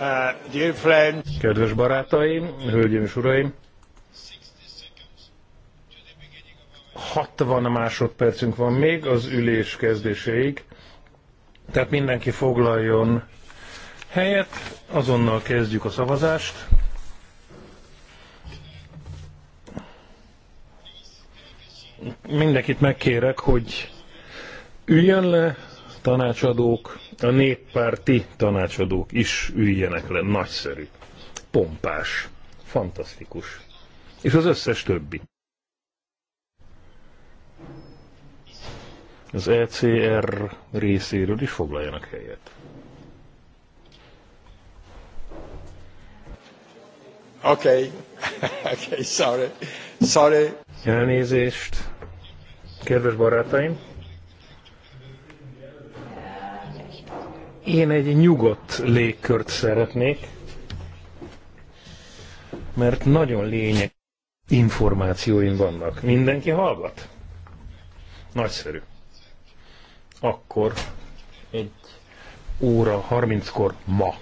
Uh, Kedves barátaim, hölgyeim és uraim, 60 másodpercünk van még az ülés kezdéséig, tehát mindenki foglaljon helyet, azonnal kezdjük a szavazást. Mindenkit megkérek, hogy üljön le, tanácsadók, a néppárti tanácsadók is üljenek le. Nagyszerű. Pompás. Fantasztikus. És az összes többi. Az ECR részéről is foglaljanak helyet. Okay. okay, sorry. Sorry. Elnézést, kedves barátaim. Én egy nyugodt légkört szeretnék, mert nagyon lényeg információim vannak. Mindenki hallgat? Nagyszerű. Akkor egy óra 30-kor ma.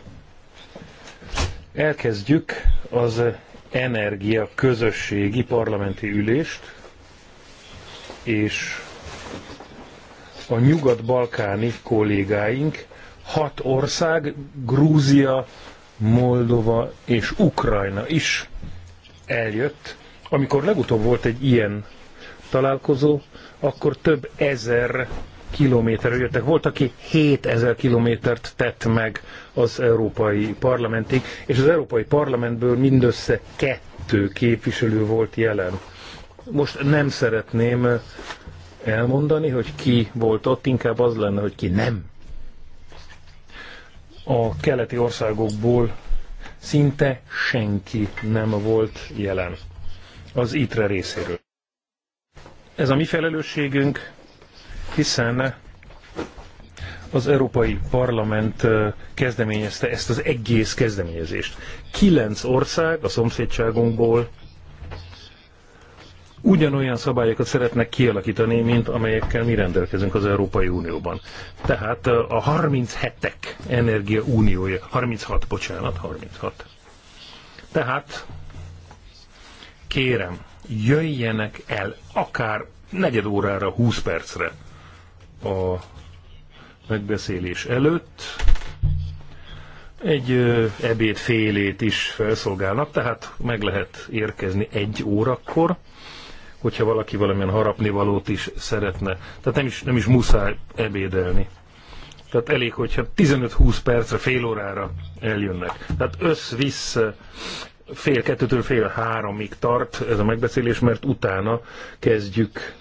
Elkezdjük az energia közösségi parlamenti ülést, és a nyugat-balkáni kollégáink hat ország, Grúzia, Moldova és Ukrajna is eljött. Amikor legutóbb volt egy ilyen találkozó, akkor több ezer kilométerre jöttek. Volt, aki 7000 kilométert tett meg az Európai Parlamentig, és az Európai Parlamentből mindössze kettő képviselő volt jelen. Most nem szeretném elmondani, hogy ki volt ott, inkább az lenne, hogy ki nem a keleti országokból szinte senki nem volt jelen az ITRE részéről. Ez a mi felelősségünk, hiszen az Európai Parlament kezdeményezte ezt az egész kezdeményezést. Kilenc ország a szomszédságunkból ugyanolyan szabályokat szeretnek kialakítani, mint amelyekkel mi rendelkezünk az Európai Unióban. Tehát a 37-ek energia uniója, 36, bocsánat, 36. Tehát kérem, jöjjenek el akár negyed órára, 20 percre a megbeszélés előtt. Egy ebéd félét is felszolgálnak, tehát meg lehet érkezni egy órakor hogyha valaki valamilyen harapnivalót is szeretne. Tehát nem is, nem is muszáj ebédelni. Tehát elég, hogyha 15-20 percre, fél órára eljönnek. Tehát össz-vissz fél kettőtől fél háromig tart ez a megbeszélés, mert utána kezdjük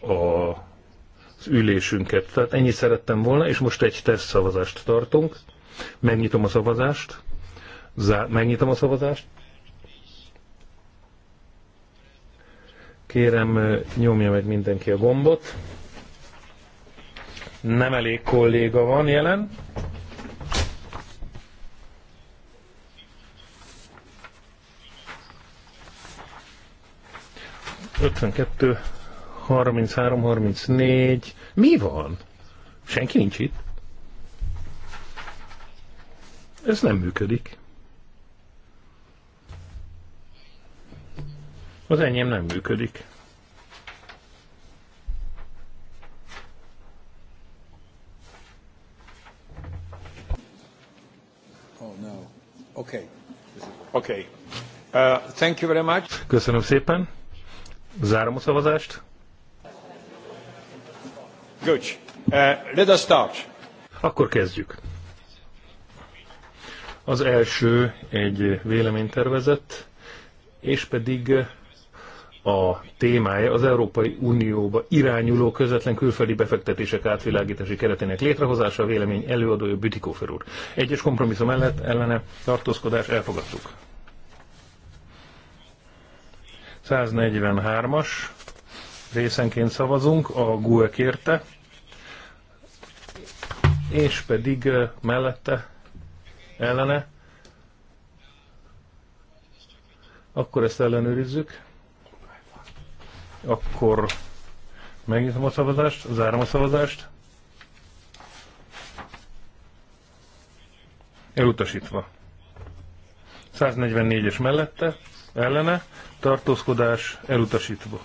a, az ülésünket. Tehát ennyit szerettem volna, és most egy teszt szavazást tartunk. Megnyitom a szavazást. Zá- megnyitom a szavazást. Kérem, nyomja meg mindenki a gombot. Nem elég kolléga van jelen. Ötvenkettő, harminc négy. Mi van? Senki nincs itt. Ez nem működik. Az enyém nem működik. Oh, no. Okay. Okay. Uh, thank you very much. Köszönöm szépen. Zárom a szavazást. Good. Uh, let us start. Akkor kezdjük. Az első egy véleménytervezet, és pedig a témája az Európai Unióba irányuló közvetlen külföldi befektetések átvilágítási keretének létrehozása, a vélemény előadója Bütikófer úr. Egyes kompromisszum mellett ellene tartózkodás elfogadtuk. 143-as részenként szavazunk, a GUE kérte, és pedig mellette ellene, akkor ezt ellenőrizzük. Akkor megnyitom a szavazást, zárom a szavazást. Elutasítva. 144-es mellette, ellene, tartózkodás elutasítva.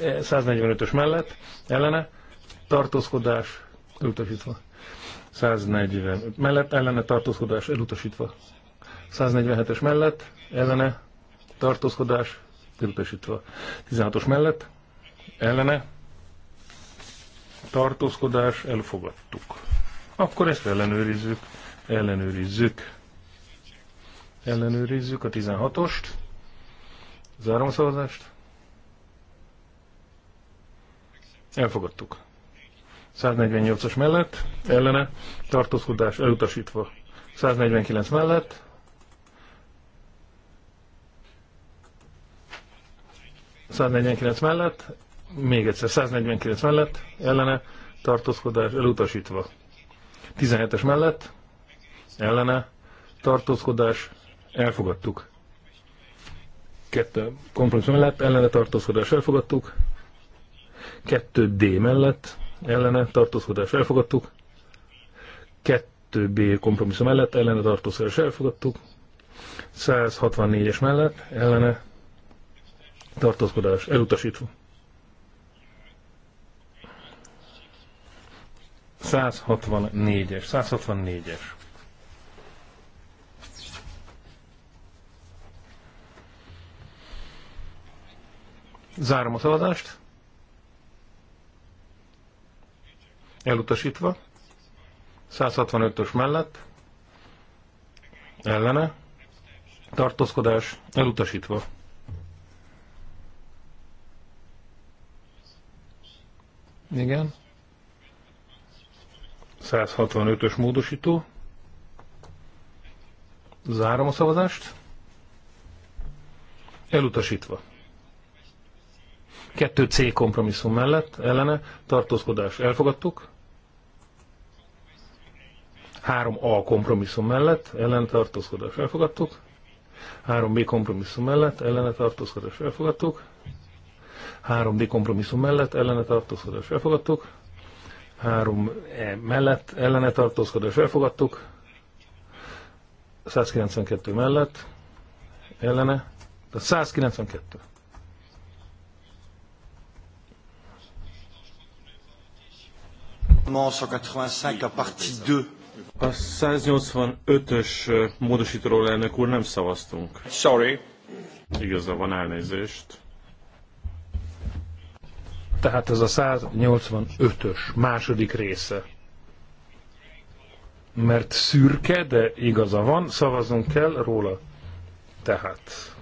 145-ös e, mellett, ellene, tartózkodás elutasítva. 140 mellett, ellene tartózkodás elutasítva. 147-es mellett, ellene tartózkodás elutasítva. 16-os mellett, ellene, tartózkodás, elfogadtuk. Akkor ezt ellenőrizzük, ellenőrizzük. Ellenőrizzük a 16-ost. Zárom a szavazást. Elfogadtuk. 148-as mellett, ellene, tartózkodás elutasítva. 149 mellett, 149 mellett, még egyszer, 149 mellett, ellene, tartózkodás elutasítva. 17-es mellett, ellene, tartózkodás, elfogadtuk. Kettő kompromisszum mellett, ellene tartózkodás elfogadtuk. 2D mellett, ellene tartózkodás elfogadtuk. 2B kompromisszum mellett, ellene tartózkodás elfogadtuk. 164-es mellett, ellene tartózkodás elutasítva. 164-es, 164-es. Zárom a szavazást. Elutasítva. 165-ös mellett. Ellene. Tartózkodás elutasítva. Igen. 165-ös módosító. Zárom a szavazást. Elutasítva. 2C kompromisszum mellett ellene tartózkodás elfogadtuk. 3A kompromisszum mellett ellen tartózkodás elfogadtuk. 3B kompromisszum mellett ellene tartózkodás elfogadtuk. 3D kompromisszum mellett ellene tartózkodás elfogadtuk. 3 e mellett ellene és elfogadtuk, 192 mellett ellene, tehát 192. A 185-ös eh, módosítóról elnök úr nem szavaztunk. Sorry. Igaza van elnézést tehát ez a 185-ös második része. Mert szürke, de igaza van, szavaznunk kell róla. Tehát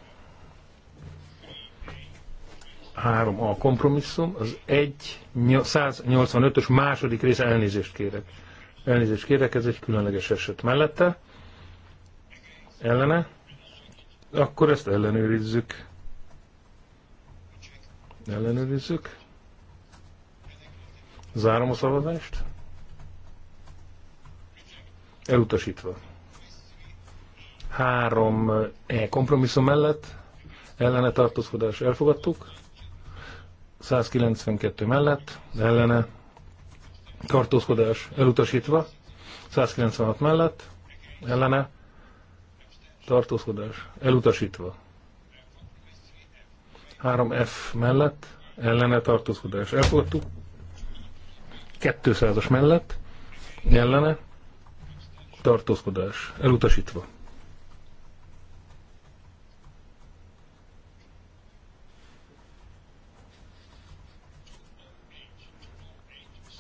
három a kompromisszum, az egy 185-ös második rész elnézést kérek. Elnézést kérek, ez egy különleges eset mellette. Ellene? Akkor ezt ellenőrizzük. Ellenőrizzük. Zárom a szavazást. Elutasítva. Három e kompromisszum mellett ellene tartózkodás elfogadtuk. 192 mellett ellene tartózkodás elutasítva. 196 mellett ellene tartózkodás elutasítva. 3F mellett ellene tartózkodás elfogadtuk. 200-as mellett ellene tartózkodás elutasítva.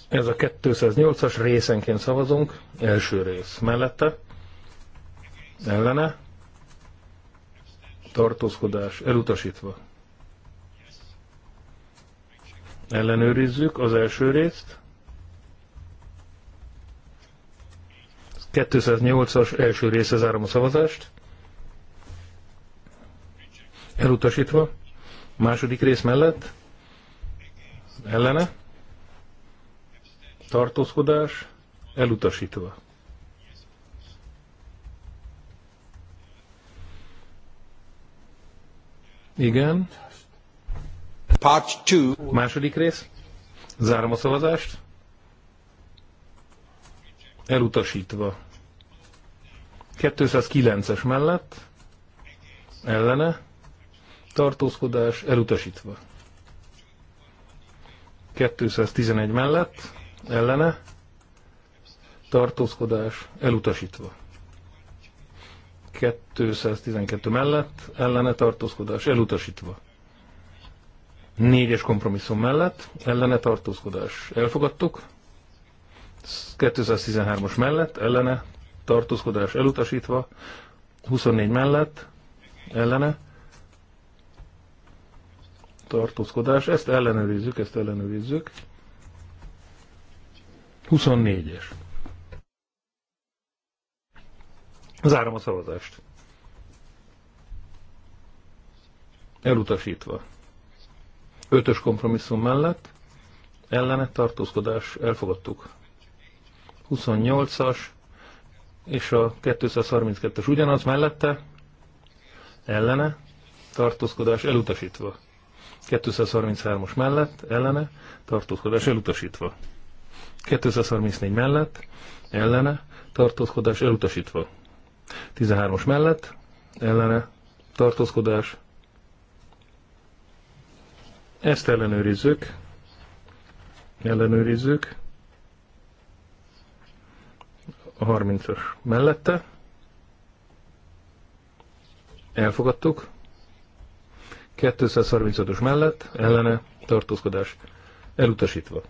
Ez a 208-as részenként szavazunk, első rész mellette, ellene, tartózkodás elutasítva. Ellenőrizzük az első részt. 208-as első része zárom a szavazást. Elutasítva. Második rész mellett. Ellene. Tartózkodás. Elutasítva. Igen. Part two. Második rész. Zárom a szavazást elutasítva. 209-es mellett, ellene, tartózkodás elutasítva. 211 mellett, ellene, tartózkodás elutasítva. 212 mellett, ellene tartózkodás elutasítva. 4-es kompromisszum mellett, ellene tartózkodás elfogadtuk. 213 os mellett, ellene, tartózkodás elutasítva, 24 mellett, ellene, tartózkodás, ezt ellenőrizzük, ezt ellenőrizzük. 24-es. Zárom a szavazást. Elutasítva. Ötös kompromisszum mellett ellene tartózkodás elfogadtuk. 28-as és a 232-es ugyanaz mellette, ellene, tartózkodás elutasítva. 233-os mellett, ellene, tartózkodás elutasítva. 234 mellett, ellene, tartózkodás elutasítva. 13-os mellett, ellene, tartózkodás. Ezt ellenőrizzük. Ellenőrizzük a 30-as mellette. Elfogadtuk. 235 os mellett, ellene, tartózkodás elutasítva.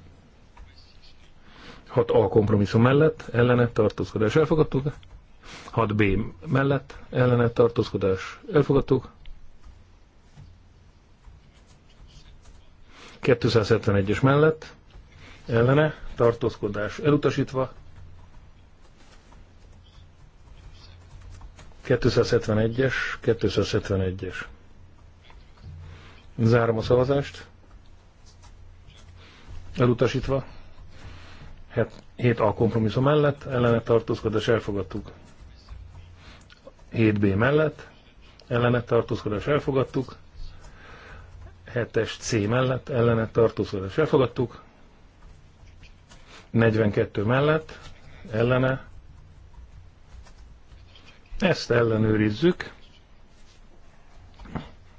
6A kompromisszum mellett, ellene, tartózkodás elfogadtuk. 6B mellett, ellene, tartózkodás elfogadtuk. 271-es mellett, ellene, tartózkodás elutasítva. 271-es, 271-es. Zárom a szavazást. Elutasítva. 7A kompromisszum mellett, ellene tartózkodás elfogadtuk. 7B mellett, ellene tartózkodás elfogadtuk. 7-es C mellett, ellene tartózkodás elfogadtuk. 42 mellett, ellene ezt ellenőrizzük.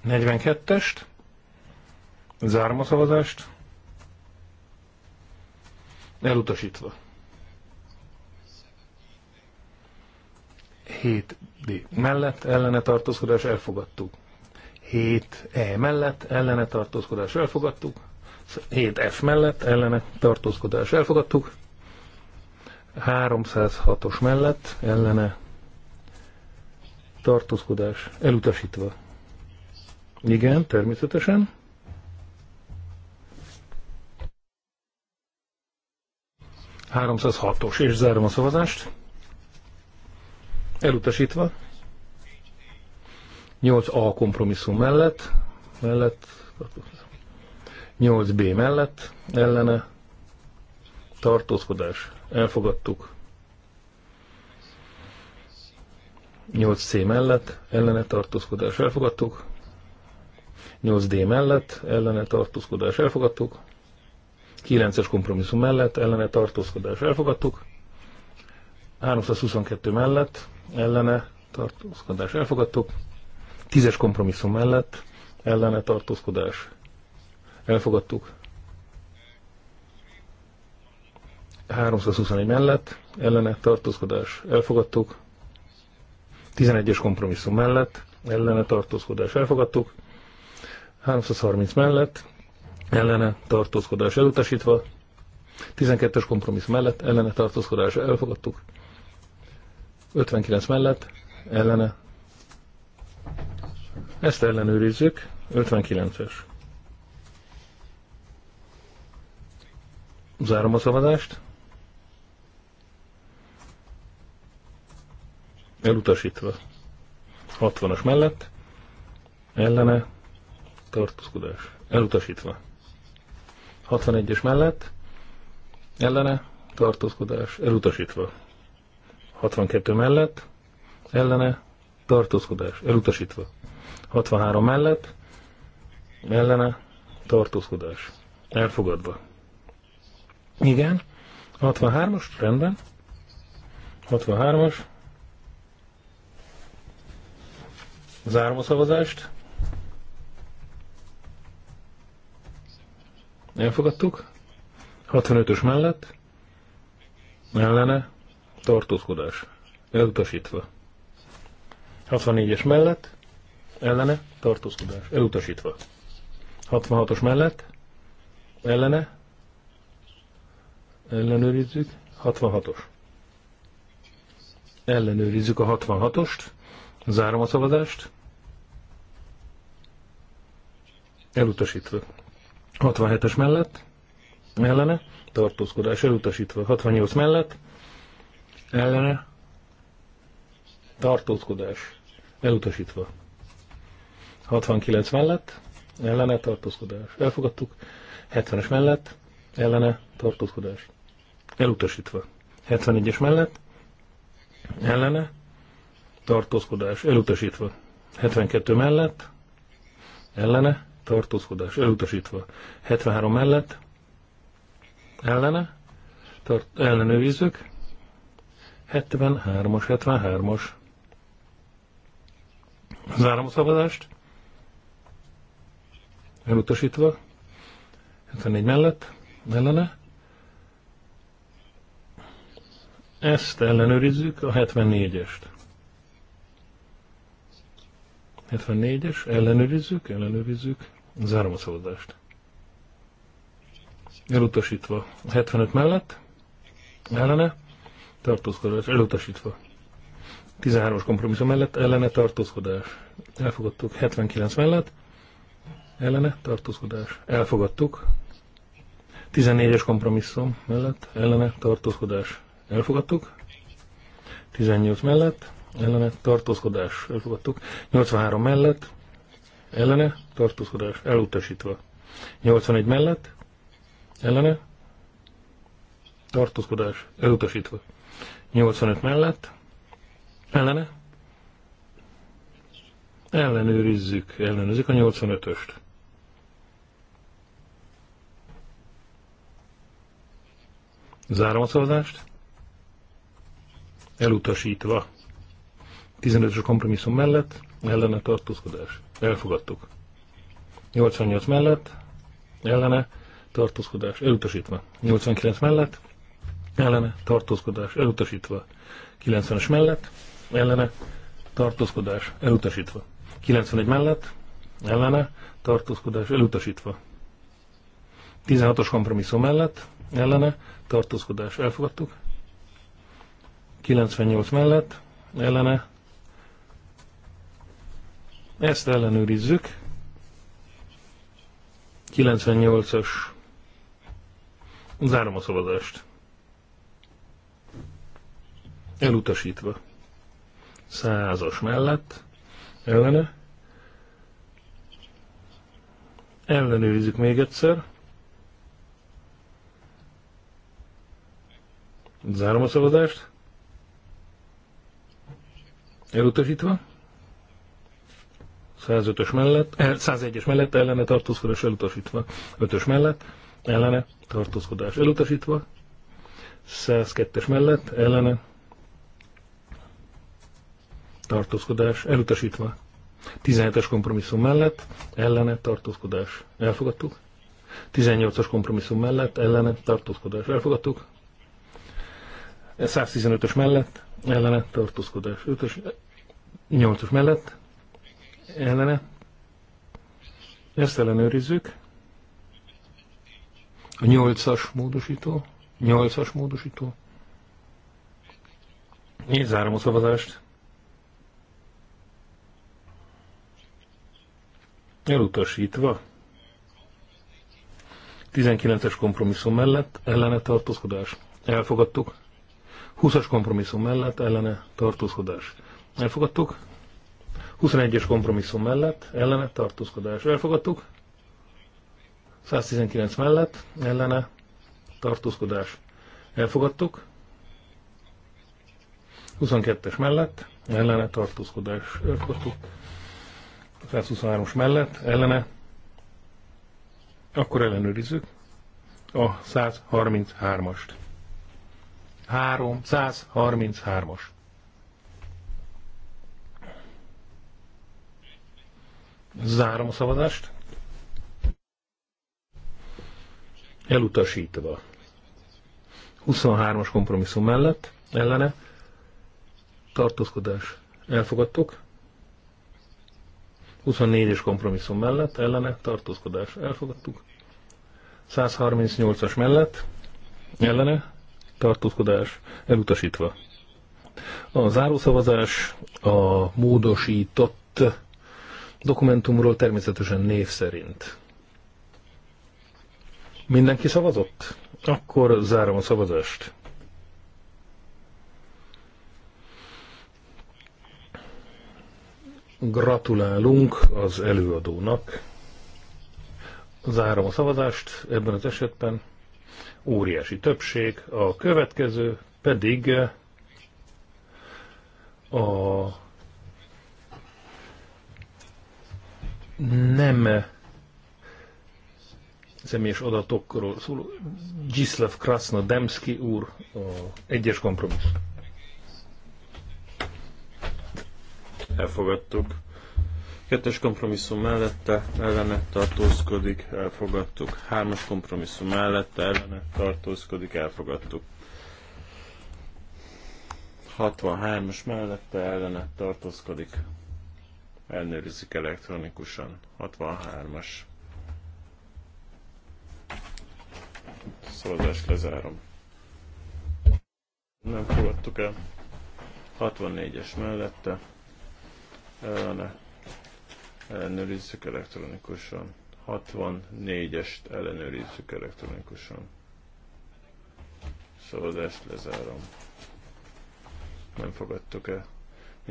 42-est. Zárom a szavazást. Elutasítva. 7D mellett ellene tartózkodás elfogadtuk. 7E mellett ellene tartózkodás elfogadtuk. 7F mellett ellene tartózkodás elfogadtuk. 306-os mellett ellene tartózkodás elutasítva. Igen, természetesen. os és zárom a szavazást. Elutasítva. 8A kompromisszum mellett, mellett, 8B mellett, ellene, tartózkodás. Elfogadtuk. 8C mellett ellene tartózkodás elfogadtuk. 8D mellett ellene tartózkodás elfogadtuk. 9-es kompromisszum mellett ellene tartózkodás elfogadtuk. 322 mellett ellene tartózkodás elfogadtuk. 10-es kompromisszum mellett ellene tartózkodás elfogadtuk. 321 mellett ellene tartózkodás elfogadtuk. 11-es kompromisszum mellett, ellene tartózkodás elfogadtuk, 330 mellett, ellene tartózkodás elutasítva, 12-es kompromisszum mellett, ellene tartózkodás elfogadtuk, 59 mellett, ellene. Ezt ellenőrizzük, 59-es. Zárom a szavazást. elutasítva. 60-as mellett, ellene, tartózkodás, elutasítva. 61-es mellett, ellene, tartózkodás, elutasítva. 62 mellett, ellene, tartózkodás, elutasítva. 63 mellett, ellene, tartózkodás, elfogadva. Igen, 63-as, rendben. 63-as, Zárom a szavazást. Elfogadtuk. 65-ös mellett. Ellene. Tartózkodás. Elutasítva. 64-es mellett. Ellene. Tartózkodás. Elutasítva. 66-os mellett. Ellene. Ellenőrizzük. 66-os. Ellenőrizzük a 66-ost. Zárom a szavazást. Elutasítva. 67-es mellett. Ellene. Tartózkodás elutasítva. 68 mellett. Ellene. Tartózkodás elutasítva. 69 mellett. Ellene tartózkodás. Elfogadtuk. 70-es mellett. Ellene tartózkodás. Elutasítva. 71-es mellett. Ellene tartózkodás elutasítva. 72 mellett, ellene, tartózkodás elutasítva. 73 mellett, ellene, tart, ellenőrizzük. 73-as, 73-as. Zárom a szavazást. Elutasítva. 74 mellett, ellene. Ezt ellenőrizzük, a 74-est. 74-es, ellenőrizzük, ellenőrizzük, zárom a szavazást. Elutasítva. 75 mellett, ellene, tartózkodás, elutasítva. 13-as kompromisszum mellett, ellene, tartózkodás. Elfogadtuk 79 mellett, ellene, tartózkodás. Elfogadtuk. 14-es kompromisszum mellett, ellene, tartózkodás. Elfogadtuk. 18 mellett, ellene tartózkodás elfogadtuk, 83 mellett ellene tartózkodás elutasítva, 81 mellett ellene tartózkodás elutasítva, 85 mellett ellene ellenőrizzük, ellenőrizzük a 85-öst. Zárom a szavazást. Elutasítva. 15-ös kompromisszum mellett ellene tartózkodás. Elfogadtuk. 88 mellett ellene tartózkodás elutasítva. 89 mellett ellene tartózkodás elutasítva. 90-es mellett ellene tartózkodás elutasítva. 91 mellett ellene tartózkodás elutasítva. 16-os kompromisszum mellett ellene tartózkodás elfogadtuk. 98 mellett ellene ezt ellenőrizzük. 98-as. Zárom a szavazást. Elutasítva. Százas mellett. Ellene. Ellenőrizzük még egyszer. Zárom a szavazást. Elutasítva. 105-ös mellett, 101-es eh, mellett ellene tartózkodás elutasítva, 5-ös mellett ellene tartózkodás elutasítva, 102-es mellett ellene tartózkodás elutasítva, 17-es kompromisszum mellett ellene tartózkodás elfogadtuk, 18-as kompromisszum mellett ellene tartózkodás elfogadtuk, 115-ös mellett ellene tartózkodás 5-ös, 8-os mellett ellene. Ezt ellenőrizzük. A nyolcas módosító. Nyolcas módosító. Én zárom a szavazást. Elutasítva. 19-es kompromisszum mellett ellene tartózkodás. Elfogadtuk. 20-as kompromisszum mellett ellene tartózkodás. Elfogadtuk. 21-es kompromisszum mellett, ellene, tartózkodás elfogadtuk. 119 mellett, ellene, tartózkodás elfogadtuk. 22-es mellett, ellene, tartózkodás elfogadtuk. 123-os mellett, ellene, akkor ellenőrizzük a 133-ast. 133 as Zárom a szavazást. Elutasítva. 23-as kompromisszum mellett, ellene. Tartózkodás. Elfogadtuk. 24-es kompromisszum mellett, ellene. Tartózkodás. Elfogadtuk. 138-as mellett, ellene. Tartózkodás. Elutasítva. A zárószavazás a módosított dokumentumról természetesen név szerint. Mindenki szavazott? Akkor zárom a szavazást. Gratulálunk az előadónak. Zárom a szavazást ebben az esetben. Óriási többség. A következő pedig a nem személyes adatokról szóló Gislav Krasnodemski úr a egyes kompromisszum. Elfogadtuk. Kettes kompromisszum mellette ellene tartózkodik, elfogadtuk. Hármas kompromisszum mellette ellene tartózkodik, elfogadtuk. 63-as mellette ellene tartózkodik, ellenőrizzük elektronikusan. 63-as. Szavazást lezárom. Nem fogadtuk el. 64-es mellette. Ellene. Ellenőrizzük elektronikusan. 64-est ellenőrizzük elektronikusan. Szavazást lezárom. Nem fogadtuk el.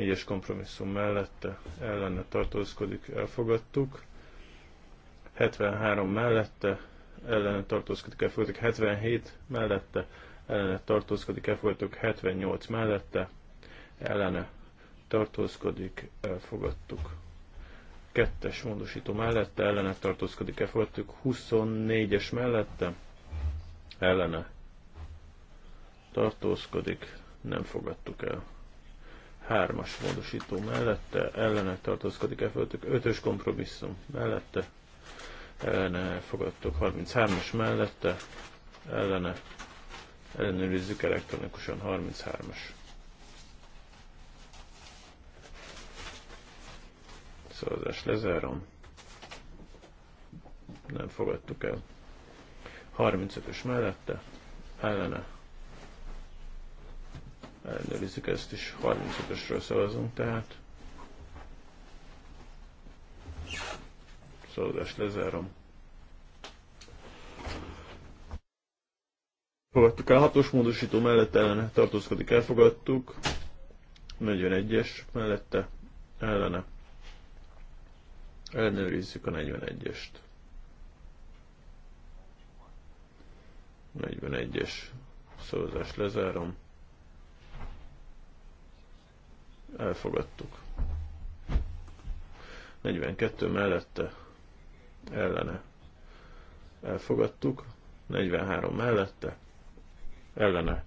Négyes kompromisszum mellette ellene tartózkodik, elfogadtuk. 73 mellette ellene tartózkodik, elfogadtuk. 77 mellette ellene tartózkodik, elfogadtuk. 78 mellette ellene tartózkodik, elfogadtuk. Kettes módosító mellette ellene tartózkodik, elfogadtuk. 24-es mellette ellene tartózkodik, nem fogadtuk el hármas módosító mellette, ellene tartózkodik e elfogadtuk, ötös kompromisszum mellette, ellene fogadtuk 33-as mellette, ellene ellenőrizzük elektronikusan 33-as. Szavazást lezárom. Nem fogadtuk el. 35-ös mellette, ellene ellenőrizzük ezt is, 35-ösről szavazunk tehát. Szavazást lezárom. Fogadtuk el, hatos módosító mellett ellene tartózkodik, elfogadtuk. 41-es mellette ellene. Ellenőrizzük a 41-est. 41-es szavazást lezárom elfogadtuk. 42 mellette ellene elfogadtuk, 43 mellette ellene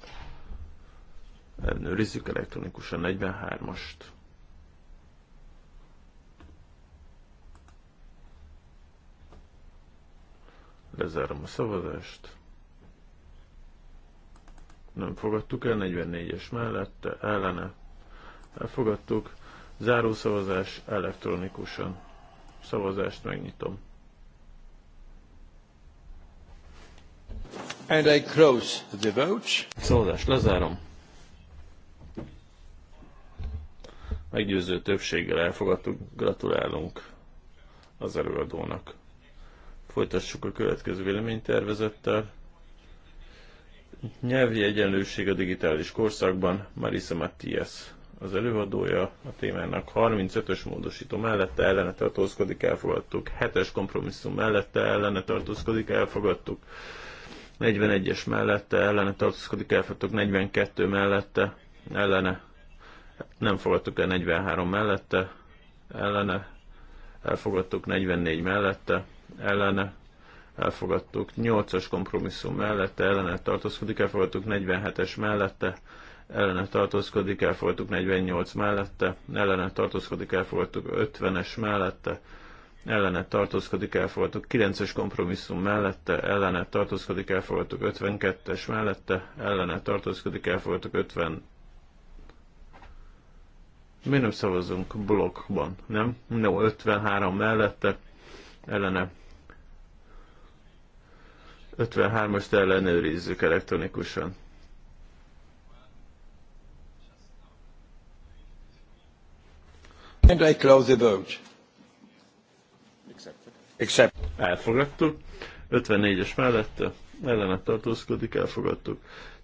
ellenőrizzük elektronikusan 43-ast. Lezárom a szavazást. Nem fogadtuk el, 44-es mellette, ellene Elfogadtuk. Záró szavazás elektronikusan. Szavazást megnyitom. And I close the vote. Szavazást lezárom. Meggyőző többséggel elfogadtuk. Gratulálunk az előadónak. Folytassuk a következő véleménytervezettel. Nyelvi egyenlőség a digitális korszakban. Marisa Matthias az előadója a témának 35-ös módosító mellette ellene tartózkodik, elfogadtuk. 7-es kompromisszum mellette ellene tartózkodik, elfogadtuk. 41-es mellette ellene tartózkodik, elfogadtuk. 42 mellette ellene nem fogadtuk el 43 mellette, ellene, elfogadtuk 44 mellette, ellene, elfogadtuk 8-as kompromisszum mellette, ellene tartózkodik, elfogadtuk 47-es mellette, ellene tartózkodik, elfogadtuk 48 mellette, ellene tartózkodik, elfogadtuk 50-es mellette, ellene tartózkodik, elfogadtuk 9-es kompromisszum mellette, ellene tartózkodik, elfogadtuk 52-es mellette, ellene tartózkodik, elfogadtuk 50 mi nem szavazunk blokkban, nem? No, 53 mellette, ellene 53-ast ellenőrizzük elektronikusan. Elfogadtuk. 54-es mellett ellene tartózkodik, elfogadtuk.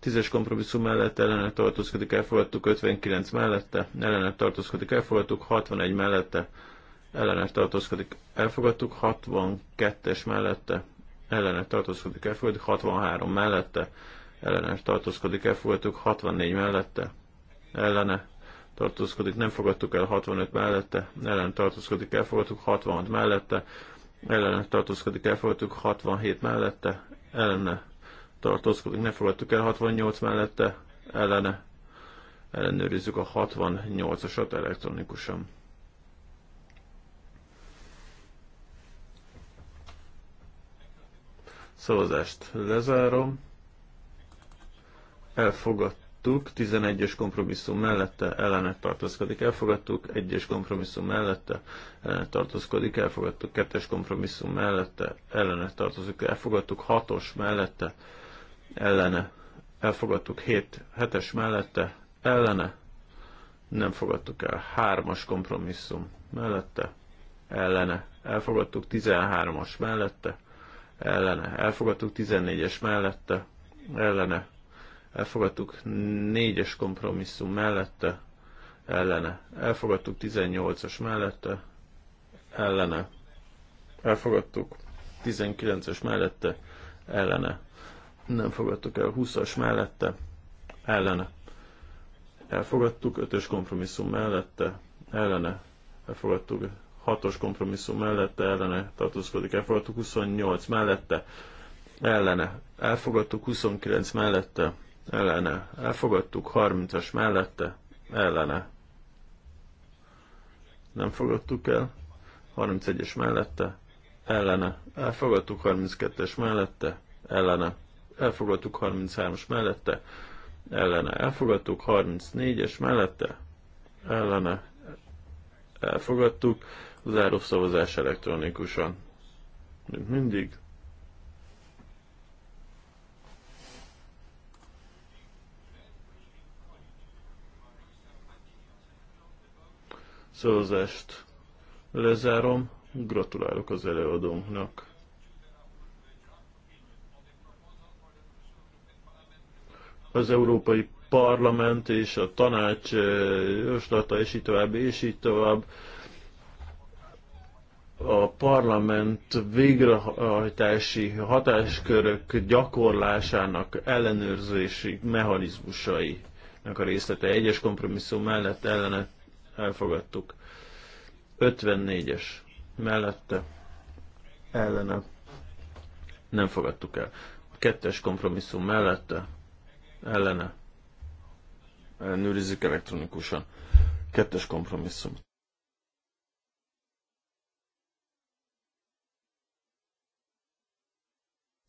10-es kompromisszum mellett ellene tartózkodik, elfogadtuk. 59 mellette ellene tartózkodik, elfogadtuk. 61 mellette ellene tartózkodik, elfogadtuk. 62-es mellette ellene tartózkodik, elfogadtuk. 63 mellette ellene tartózkodik, elfogadtuk. 64 mellette ellene tartózkodik, nem fogadtuk el 65 mellette, ellen tartózkodik, elfogadtuk 66 mellette, ellen tartózkodik, elfogadtuk 67 mellette, ellene tartózkodik, nem fogadtuk el 68 mellette, ellene ellenőrizzük a 68-asat elektronikusan. Szavazást lezárom. Elfogadt elfogadtuk, 11-es kompromisszum mellette ellenet tartózkodik, elfogadtuk, 1-es kompromisszum mellette ellenet tartózkodik, elfogadtuk, 2-es kompromisszum mellette ellenet tartozik, elfogadtuk, 6-os mellette ellene, elfogadtuk, 7-es mellette ellene, nem fogadtuk el, 3-as kompromisszum mellette ellene, elfogadtuk, 13-as mellette ellene, elfogadtuk, 14-es mellette ellene, elfogadtuk 4-es kompromisszum mellette, ellene, elfogadtuk 18-as mellette, ellene, elfogadtuk 19-es mellette, ellene, nem fogadtuk el 20-as mellette, ellene, elfogadtuk 5-ös kompromisszum mellette, ellene, elfogadtuk 6-os kompromisszum mellette, ellene tartózkodik, elfogadtuk 28 mellette, ellene, elfogadtuk 29 mellette, ellene ellene, elfogadtuk, 30-as mellette, ellene, nem fogadtuk el, 31-es mellette, ellene, elfogadtuk 32-es mellette, ellene, elfogadtuk 33-as mellette, ellene, elfogadtuk 34-es mellette, ellene, elfogadtuk, zárószavazás elektronikusan, mint mindig, Szavazást lezárom. Gratulálok az előadónknak. Az Európai Parlament és a tanács eh, jóslata, és így tovább, és így tovább a parlament végrehajtási hatáskörök gyakorlásának ellenőrzési mechanizmusainak a részlete egyes kompromisszum mellett ellene elfogadtuk. 54-es mellette ellene nem fogadtuk el. Kettes kompromisszum mellette ellene ellenőrizzük elektronikusan. Kettes kompromisszum.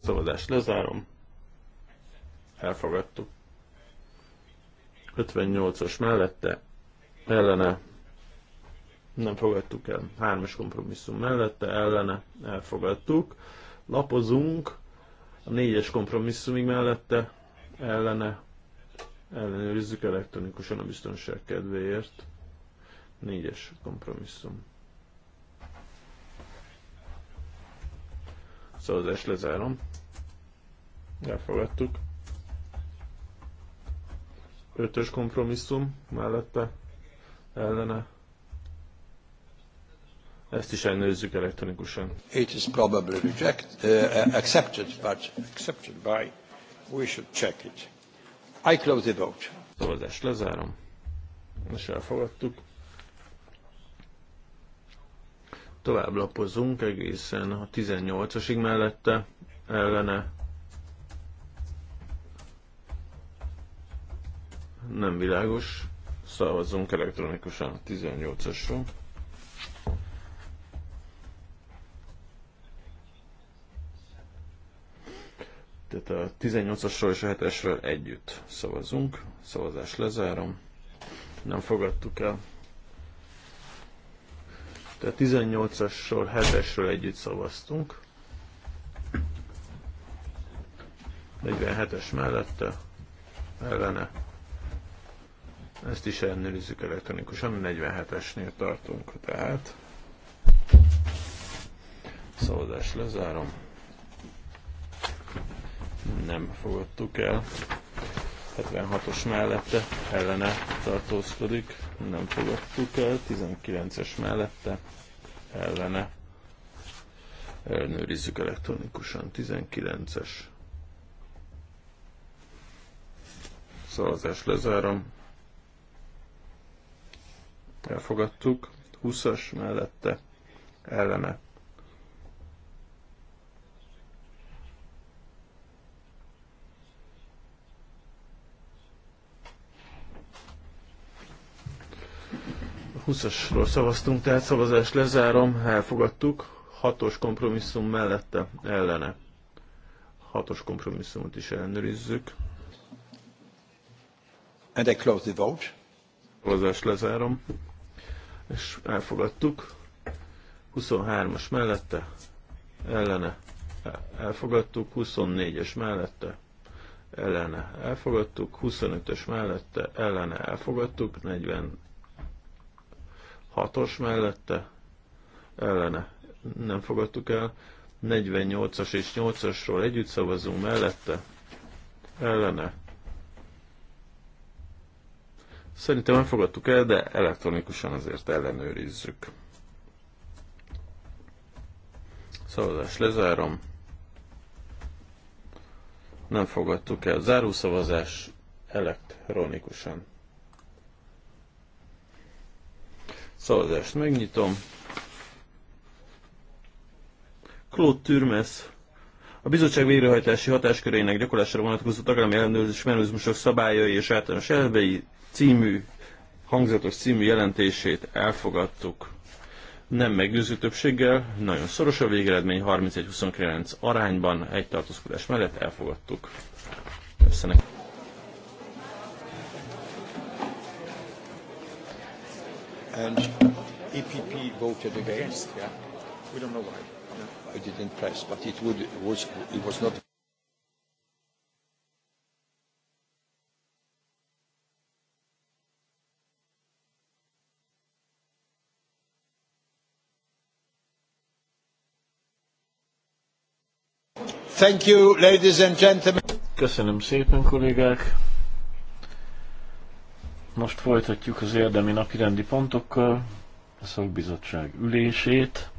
Szavazást lezárom. Elfogadtuk. 58 os mellette ellene nem fogadtuk el. Hármas kompromisszum mellette ellene elfogadtuk. Lapozunk a négyes kompromisszumig mellette ellene ellenőrizzük elektronikusan a biztonság kedvéért. Négyes kompromisszum. Szavazást lezárom. Elfogadtuk. Ötös kompromisszum mellette ellene. Ezt is elnőzzük elektronikusan. It is probably reject, uh, uh, accepted, but accepted by, we should check it. I close the vote. Szavazás lezárom, és elfogadtuk. Tovább lapozunk egészen a 18-asig mellette, ellene. Nem világos. Szavazzunk elektronikusan 18-asról. Tehát a 18-asról és a 7-esről együtt szavazunk. Szavazás lezárom. Nem fogadtuk el. Tehát 18-asról, 7-esről együtt szavaztunk. 47-es mellette, ellene ezt is ellenőrizzük elektronikusan, 47-esnél tartunk, tehát szavazást lezárom. Nem fogadtuk el. 76-os mellette ellene tartózkodik, nem fogadtuk el. 19-es mellette ellene ellenőrizzük elektronikusan. 19-es szavazást lezárom elfogadtuk, 20-as mellette ellene. A 20-asról szavaztunk, tehát szavazást lezárom, elfogadtuk, 6-os kompromisszum mellette ellene. 6-os kompromisszumot is ellenőrizzük. And I close the vote. Szavazást lezárom és elfogadtuk. 23-as e, mellette, ellene elfogadtuk, 24-es mellette, ellene elfogadtuk, 25-ös mellette, ellene elfogadtuk, 46-os mellette, ellene nem fogadtuk el, 48-as és 8-asról együtt szavazunk mellette, ellene Szerintem nem fogadtuk el, de elektronikusan azért ellenőrizzük. Szavazás lezárom. Nem fogadtuk el. Zárószavazás elektronikusan. Szavazást megnyitom. Claude Türmes. A bizottság végrehajtási hatáskörének gyakorlására vonatkozó tagállami ellenőrzés mechanizmusok szabályai és általános elvei című, hangzatos című jelentését elfogadtuk nem meggyőző többséggel, nagyon szoros a végeredmény, 31-29 arányban, egy tartózkodás mellett elfogadtuk. Köszönöm. And EPP voted against, yeah? We don't know why. No. I didn't press, but it, would, was, it was not... Thank you, ladies and gentlemen. Köszönöm szépen, kollégák. Most folytatjuk az érdemi napirendi pontokkal a szakbizottság ülését.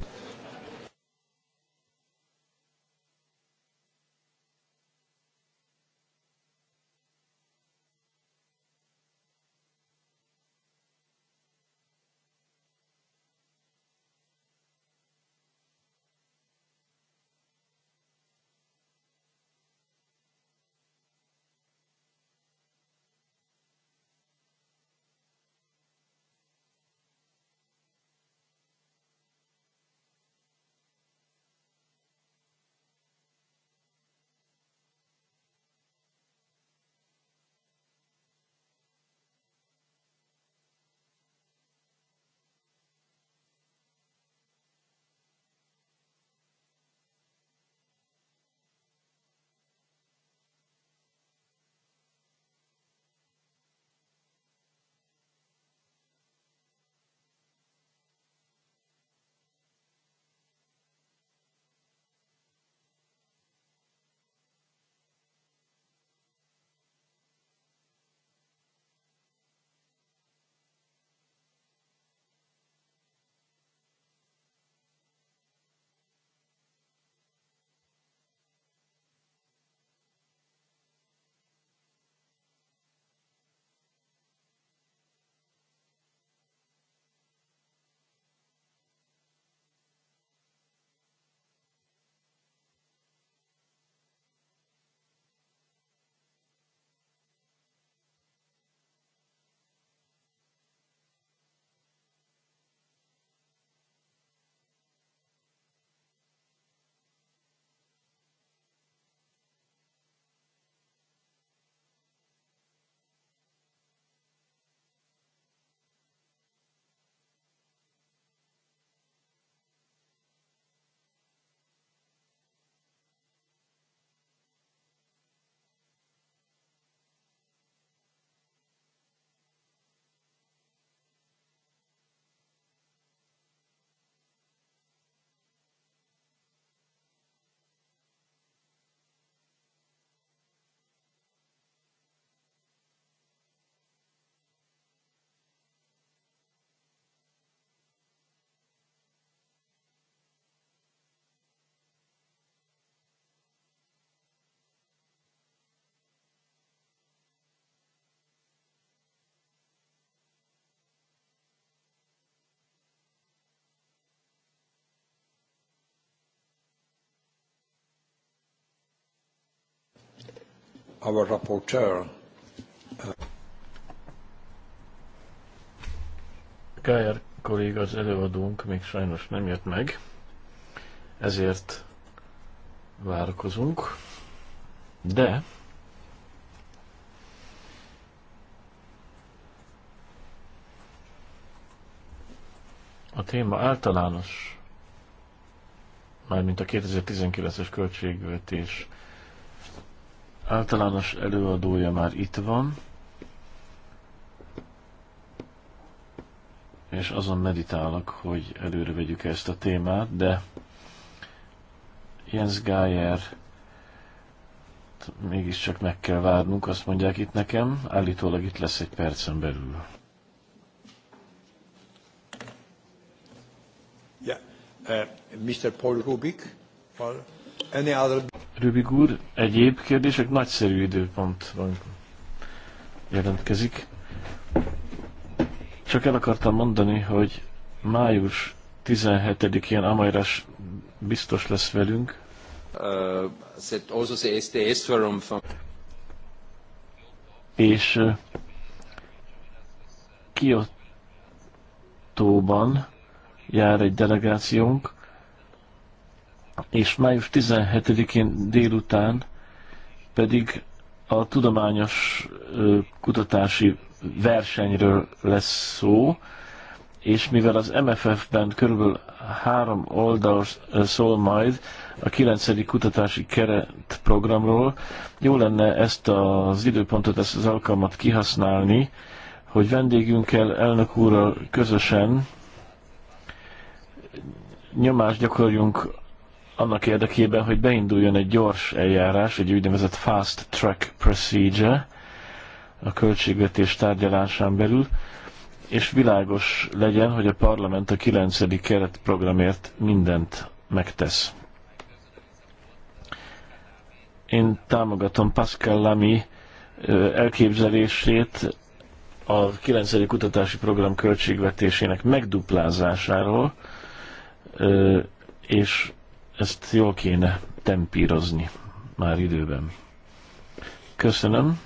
our rapporteur. Gájer kolléga, az előadónk még sajnos nem jött meg, ezért várakozunk, de a téma általános, mármint a 2019-es költségvetés általános előadója már itt van, és azon meditálok, hogy előre vegyük ezt a témát, de Jens Geyer mégiscsak meg kell várnunk, azt mondják itt nekem, állítólag itt lesz egy percen belül. Yeah. Uh, Mr. Paul Rubik, well, any other... Rübig úr, egyéb kérdések nagyszerű van, jelentkezik. Csak el akartam mondani, hogy május 17-én Amajras biztos lesz velünk. Uh, És uh, Kiotóban jár egy delegációnk, és május 17-én délután pedig a tudományos kutatási versenyről lesz szó, és mivel az MFF-ben körülbelül három oldal szól majd a 9. kutatási keretprogramról, jó lenne ezt az időpontot, ezt az alkalmat kihasználni, hogy vendégünkkel, elnök úrral közösen nyomást gyakorljunk annak érdekében, hogy beinduljon egy gyors eljárás, egy úgynevezett fast track procedure a költségvetés tárgyalásán belül, és világos legyen, hogy a parlament a 9. keretprogramért mindent megtesz. Én támogatom Pascal Lamy elképzelését a 9. kutatási program költségvetésének megduplázásáról, és ezt jól kéne tempírozni már időben. Köszönöm.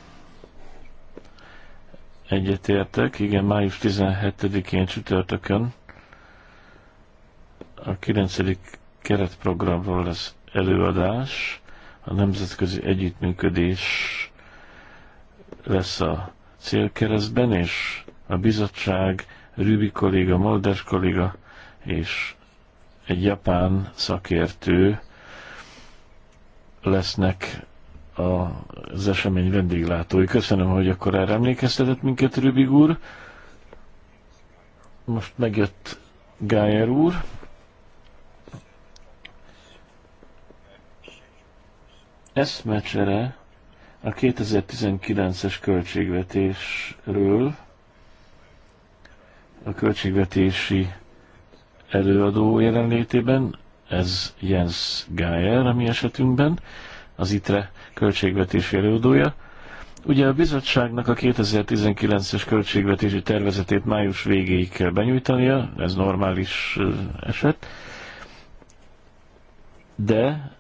Egyetértek, igen, május 17-én csütörtökön a 9. keretprogramról lesz előadás, a nemzetközi együttműködés lesz a célkeresztben, és a bizottság, Rübi kolléga, Maldes kolléga és egy japán szakértő lesznek az esemény vendéglátói. Köszönöm, hogy akkor erre emlékeztetett minket Rübig úr. Most megjött Gájer úr. Eszmecsere a 2019-es költségvetésről, a költségvetési előadó jelenlétében, ez Jens Geyer a mi esetünkben, az ITRE költségvetési előadója. Ugye a bizottságnak a 2019-es költségvetési tervezetét május végéig kell benyújtania, ez normális eset, de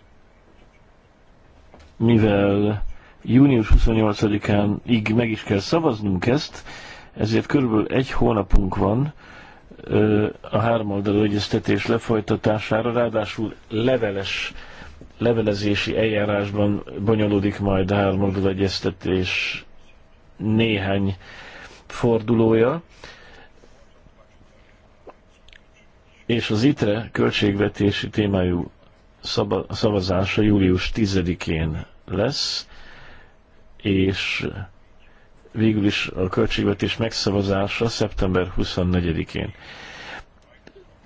mivel június 28-án így meg is kell szavaznunk ezt, ezért körülbelül egy hónapunk van a háromoldalú egyeztetés lefolytatására, ráadásul leveles, levelezési eljárásban bonyolódik majd a háromoldalú egyeztetés néhány fordulója, és az ITRE költségvetési témájú szavazása július 10-én lesz, és végül is a költségvetés megszavazása szeptember 24-én.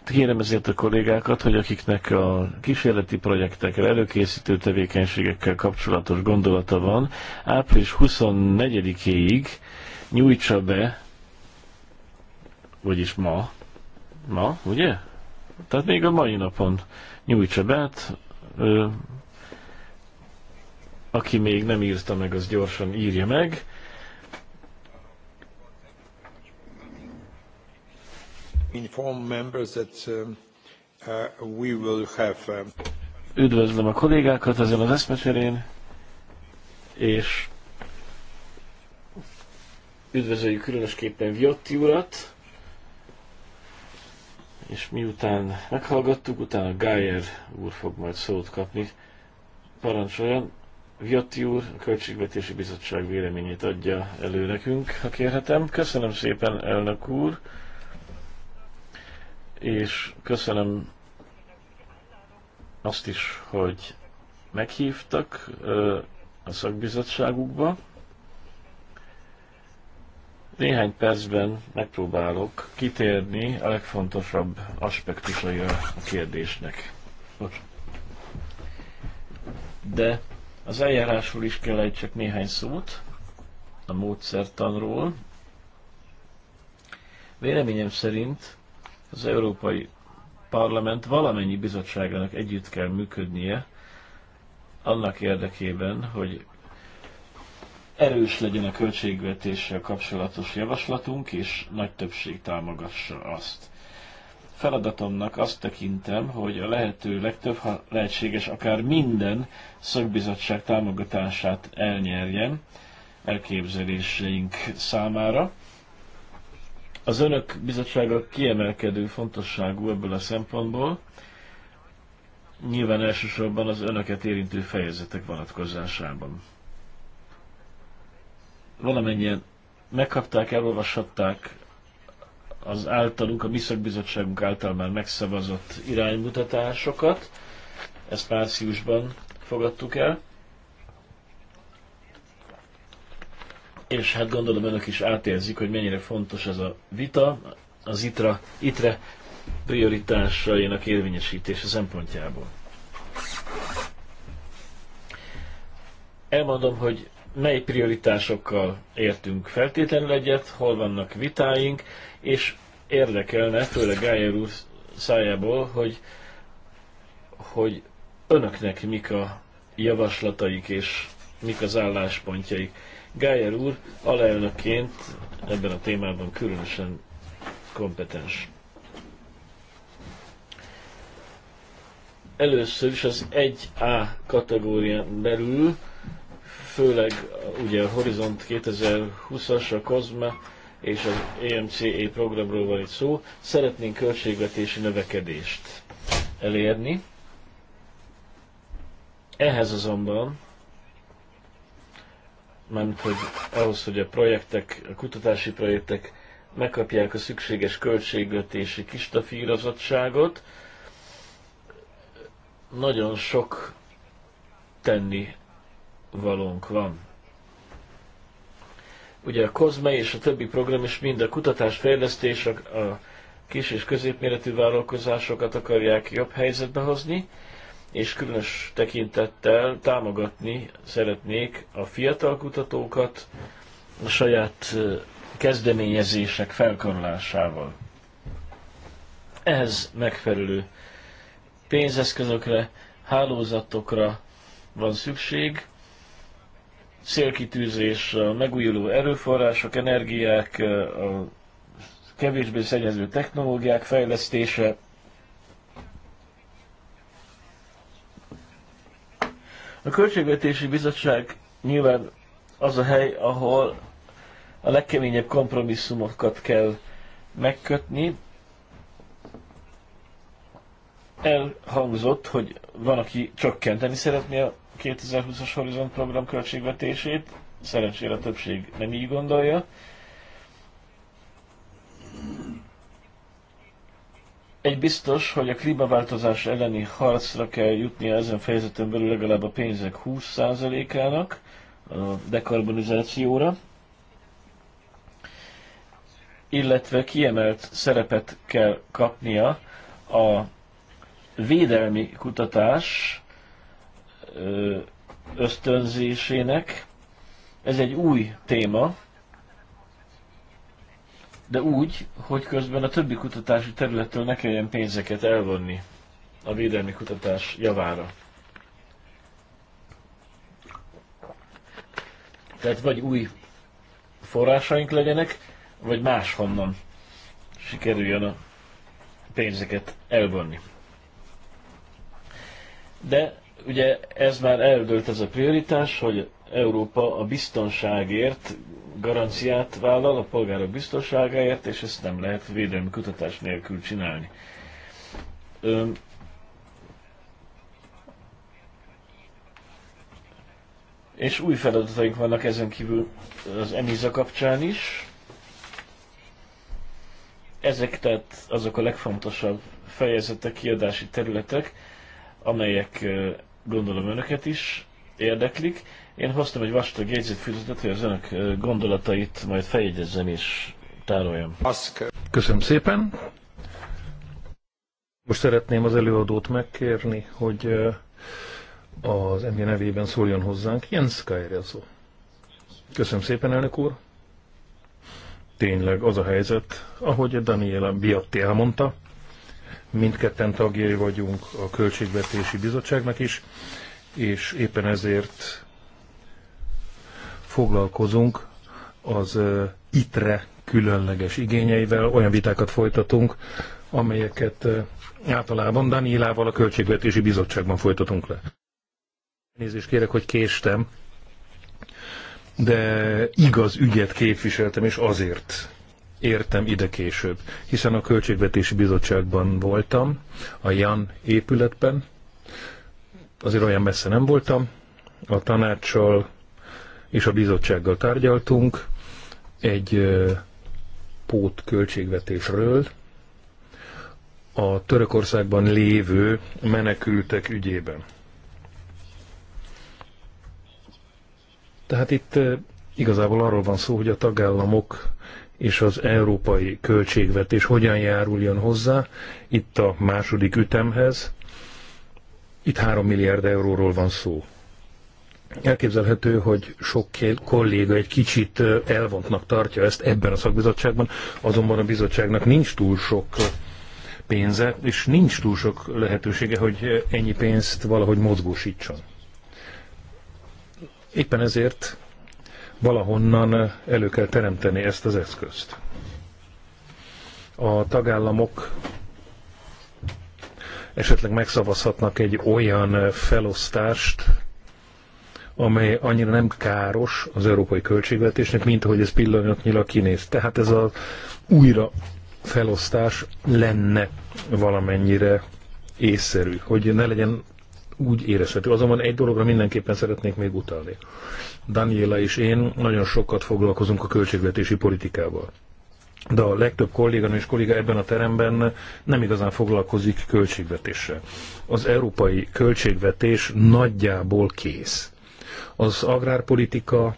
Kérem ezért a kollégákat, hogy akiknek a kísérleti projektekkel, előkészítő tevékenységekkel kapcsolatos gondolata van, április 24-éig nyújtsa be, vagyis ma, ma, ugye? Tehát még a mai napon nyújtsa be, hát, ö, aki még nem írta meg, az gyorsan írja meg Um, uh, um, Üdvözlöm a kollégákat ezen az eszmecserén, és üdvözöljük különösképpen Viotti urat, és miután meghallgattuk, utána Gájer úr fog majd szót kapni. Parancsoljon, Viotti úr, a Költségvetési Bizottság véleményét adja elő nekünk, ha kérhetem. Köszönöm szépen, elnök úr! és köszönöm azt is, hogy meghívtak a szakbizottságukba. Néhány percben megpróbálok kitérni a legfontosabb aspektusai a kérdésnek. De az eljárásról is kell egy csak néhány szót, a módszertanról. Véleményem szerint az Európai Parlament valamennyi bizottságának együtt kell működnie annak érdekében, hogy erős legyen a költségvetéssel kapcsolatos javaslatunk, és nagy többség támogassa azt. Feladatomnak azt tekintem, hogy a lehető legtöbb, ha lehetséges, akár minden szakbizottság támogatását elnyerjen elképzeléseink számára, az önök bizottsága kiemelkedő fontosságú ebből a szempontból. Nyilván elsősorban az önöket érintő fejezetek vonatkozásában. Valamennyien megkapták, elolvashatták az általunk, a mi szakbizottságunk által már megszavazott iránymutatásokat. Ezt márciusban fogadtuk el. és hát gondolom önök is átérzik, hogy mennyire fontos ez a vita, az ITRA, ITRE prioritásainak érvényesítése szempontjából. Elmondom, hogy mely prioritásokkal értünk feltétlenül egyet, hol vannak vitáink, és érdekelne, főleg Gájer úr szájából, hogy, hogy önöknek mik a javaslataik és mik az álláspontjaik Geyer úr alelnökként ebben a témában különösen kompetens. Először is az 1A kategórián belül, főleg ugye a Horizont 2020-as, a COSME és az EMCE programról van itt szó, szeretnénk költségvetési növekedést elérni. Ehhez azonban mert hogy ahhoz, hogy a projektek, a kutatási projektek megkapják a szükséges költségvetési kistafírozottságot, nagyon sok tenni valónk van. Ugye a COSME és a többi program is mind a kutatás, fejlesztés, a kis és középméretű vállalkozásokat akarják jobb helyzetbe hozni, és különös tekintettel támogatni szeretnék a fiatal kutatókat a saját kezdeményezések felkarolásával. Ehhez megfelelő pénzeszközökre, hálózatokra van szükség, célkitűzés, a megújuló erőforrások, energiák, a kevésbé szennyező technológiák fejlesztése, A Költségvetési Bizottság nyilván az a hely, ahol a legkeményebb kompromisszumokat kell megkötni. Elhangzott, hogy van, aki csökkenteni szeretné a 2020-as Horizont program költségvetését, szerencsére a többség nem így gondolja, Egy biztos, hogy a klímaváltozás elleni harcra kell jutnia ezen fejezeten belül legalább a pénzek 20%-ának a dekarbonizációra, illetve kiemelt szerepet kell kapnia a védelmi kutatás ösztönzésének. Ez egy új téma, de úgy, hogy közben a többi kutatási területtől ne kelljen pénzeket elvonni a védelmi kutatás javára. Tehát vagy új forrásaink legyenek, vagy máshonnan sikerüljön a pénzeket elvonni. De ugye ez már eldölt ez a prioritás, hogy Európa a biztonságért garanciát vállal, a polgárok biztonságáért, és ezt nem lehet védelmi kutatás nélkül csinálni. Öm, és új feladataink vannak ezen kívül az EMISA kapcsán is. Ezek tehát azok a legfontosabb fejezetek, kiadási területek, amelyek gondolom önöket is érdeklik, én hoztam egy vastag jegyzetfüzetet, hogy az önök gondolatait majd feljegyezzem és tároljam. Köszönöm szépen. Most szeretném az előadót megkérni, hogy az MG nevében szóljon hozzánk. Jens Kajrezo. Köszönöm szépen, elnök úr. Tényleg az a helyzet, ahogy Daniela Biatti elmondta, mindketten tagjai vagyunk a Költségvetési Bizottságnak is, és éppen ezért foglalkozunk az ITRE különleges igényeivel, olyan vitákat folytatunk, amelyeket általában Danielával a Költségvetési Bizottságban folytatunk le. Nézést kérek, hogy késtem, de igaz ügyet képviseltem, és azért értem ide később, hiszen a Költségvetési Bizottságban voltam, a Jan épületben, azért olyan messze nem voltam, a tanácssal és a bizottsággal tárgyaltunk egy pót költségvetésről a Törökországban lévő menekültek ügyében. Tehát itt igazából arról van szó, hogy a tagállamok és az európai költségvetés hogyan járuljon hozzá itt a második ütemhez. Itt 3 milliárd euróról van szó. Elképzelhető, hogy sok kolléga egy kicsit elvontnak tartja ezt ebben a szakbizottságban, azonban a bizottságnak nincs túl sok pénze, és nincs túl sok lehetősége, hogy ennyi pénzt valahogy mozgósítson. Éppen ezért valahonnan elő kell teremteni ezt az eszközt. A tagállamok esetleg megszavazhatnak egy olyan felosztást, amely annyira nem káros az európai költségvetésnek, mint ahogy ez pillanatnyilag kinéz. Tehát ez az újra felosztás lenne valamennyire észszerű, hogy ne legyen úgy érezhető. Azonban egy dologra mindenképpen szeretnék még utalni. Daniela és én nagyon sokat foglalkozunk a költségvetési politikával. De a legtöbb kolléganő és kolléga ebben a teremben nem igazán foglalkozik költségvetéssel. Az európai költségvetés nagyjából kész. Az agrárpolitika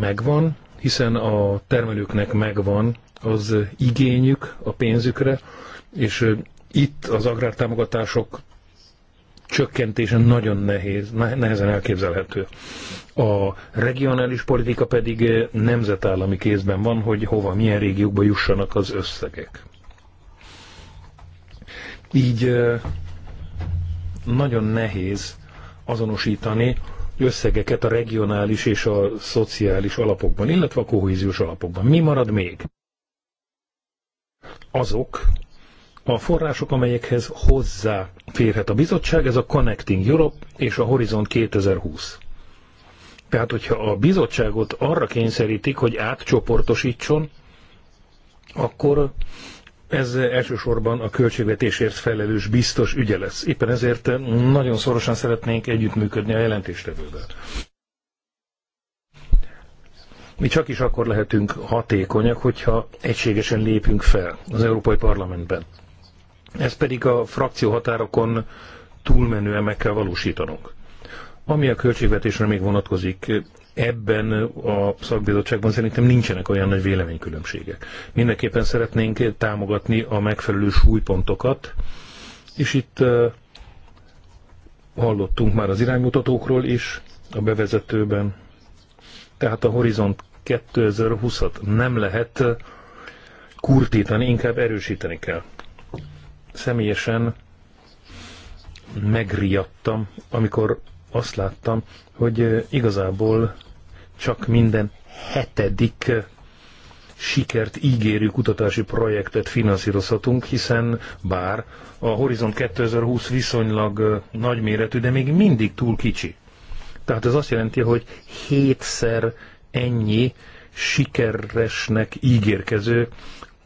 megvan, hiszen a termelőknek megvan az igényük a pénzükre, és itt az agrártámogatások csökkentése nagyon nehéz, nehezen elképzelhető. A regionális politika pedig nemzetállami kézben van, hogy hova, milyen régiókba jussanak az összegek. Így nagyon nehéz azonosítani összegeket a regionális és a szociális alapokban, illetve a kohéziós alapokban. Mi marad még? Azok a források, amelyekhez hozzáférhet a bizottság, ez a Connecting Europe és a Horizon 2020. Tehát, hogyha a bizottságot arra kényszerítik, hogy átcsoportosítson, akkor ez elsősorban a költségvetésért felelős biztos ügye lesz. Éppen ezért nagyon szorosan szeretnénk együttműködni a jelentéstevővel. Mi csak is akkor lehetünk hatékonyak, hogyha egységesen lépünk fel az Európai Parlamentben. Ez pedig a frakció határokon túlmenően meg kell valósítanunk. Ami a költségvetésre még vonatkozik, ebben a szakbizottságban szerintem nincsenek olyan nagy véleménykülönbségek. Mindenképpen szeretnénk támogatni a megfelelő súlypontokat, és itt hallottunk már az iránymutatókról is a bevezetőben. Tehát a Horizont 2020-at nem lehet kurtítani, inkább erősíteni kell. Személyesen megriadtam, amikor azt láttam, hogy igazából csak minden hetedik eh, sikert ígérő kutatási projektet finanszírozhatunk, hiszen bár a Horizont 2020 viszonylag eh, nagyméretű, de még mindig túl kicsi. Tehát ez azt jelenti, hogy hétszer ennyi sikeresnek ígérkező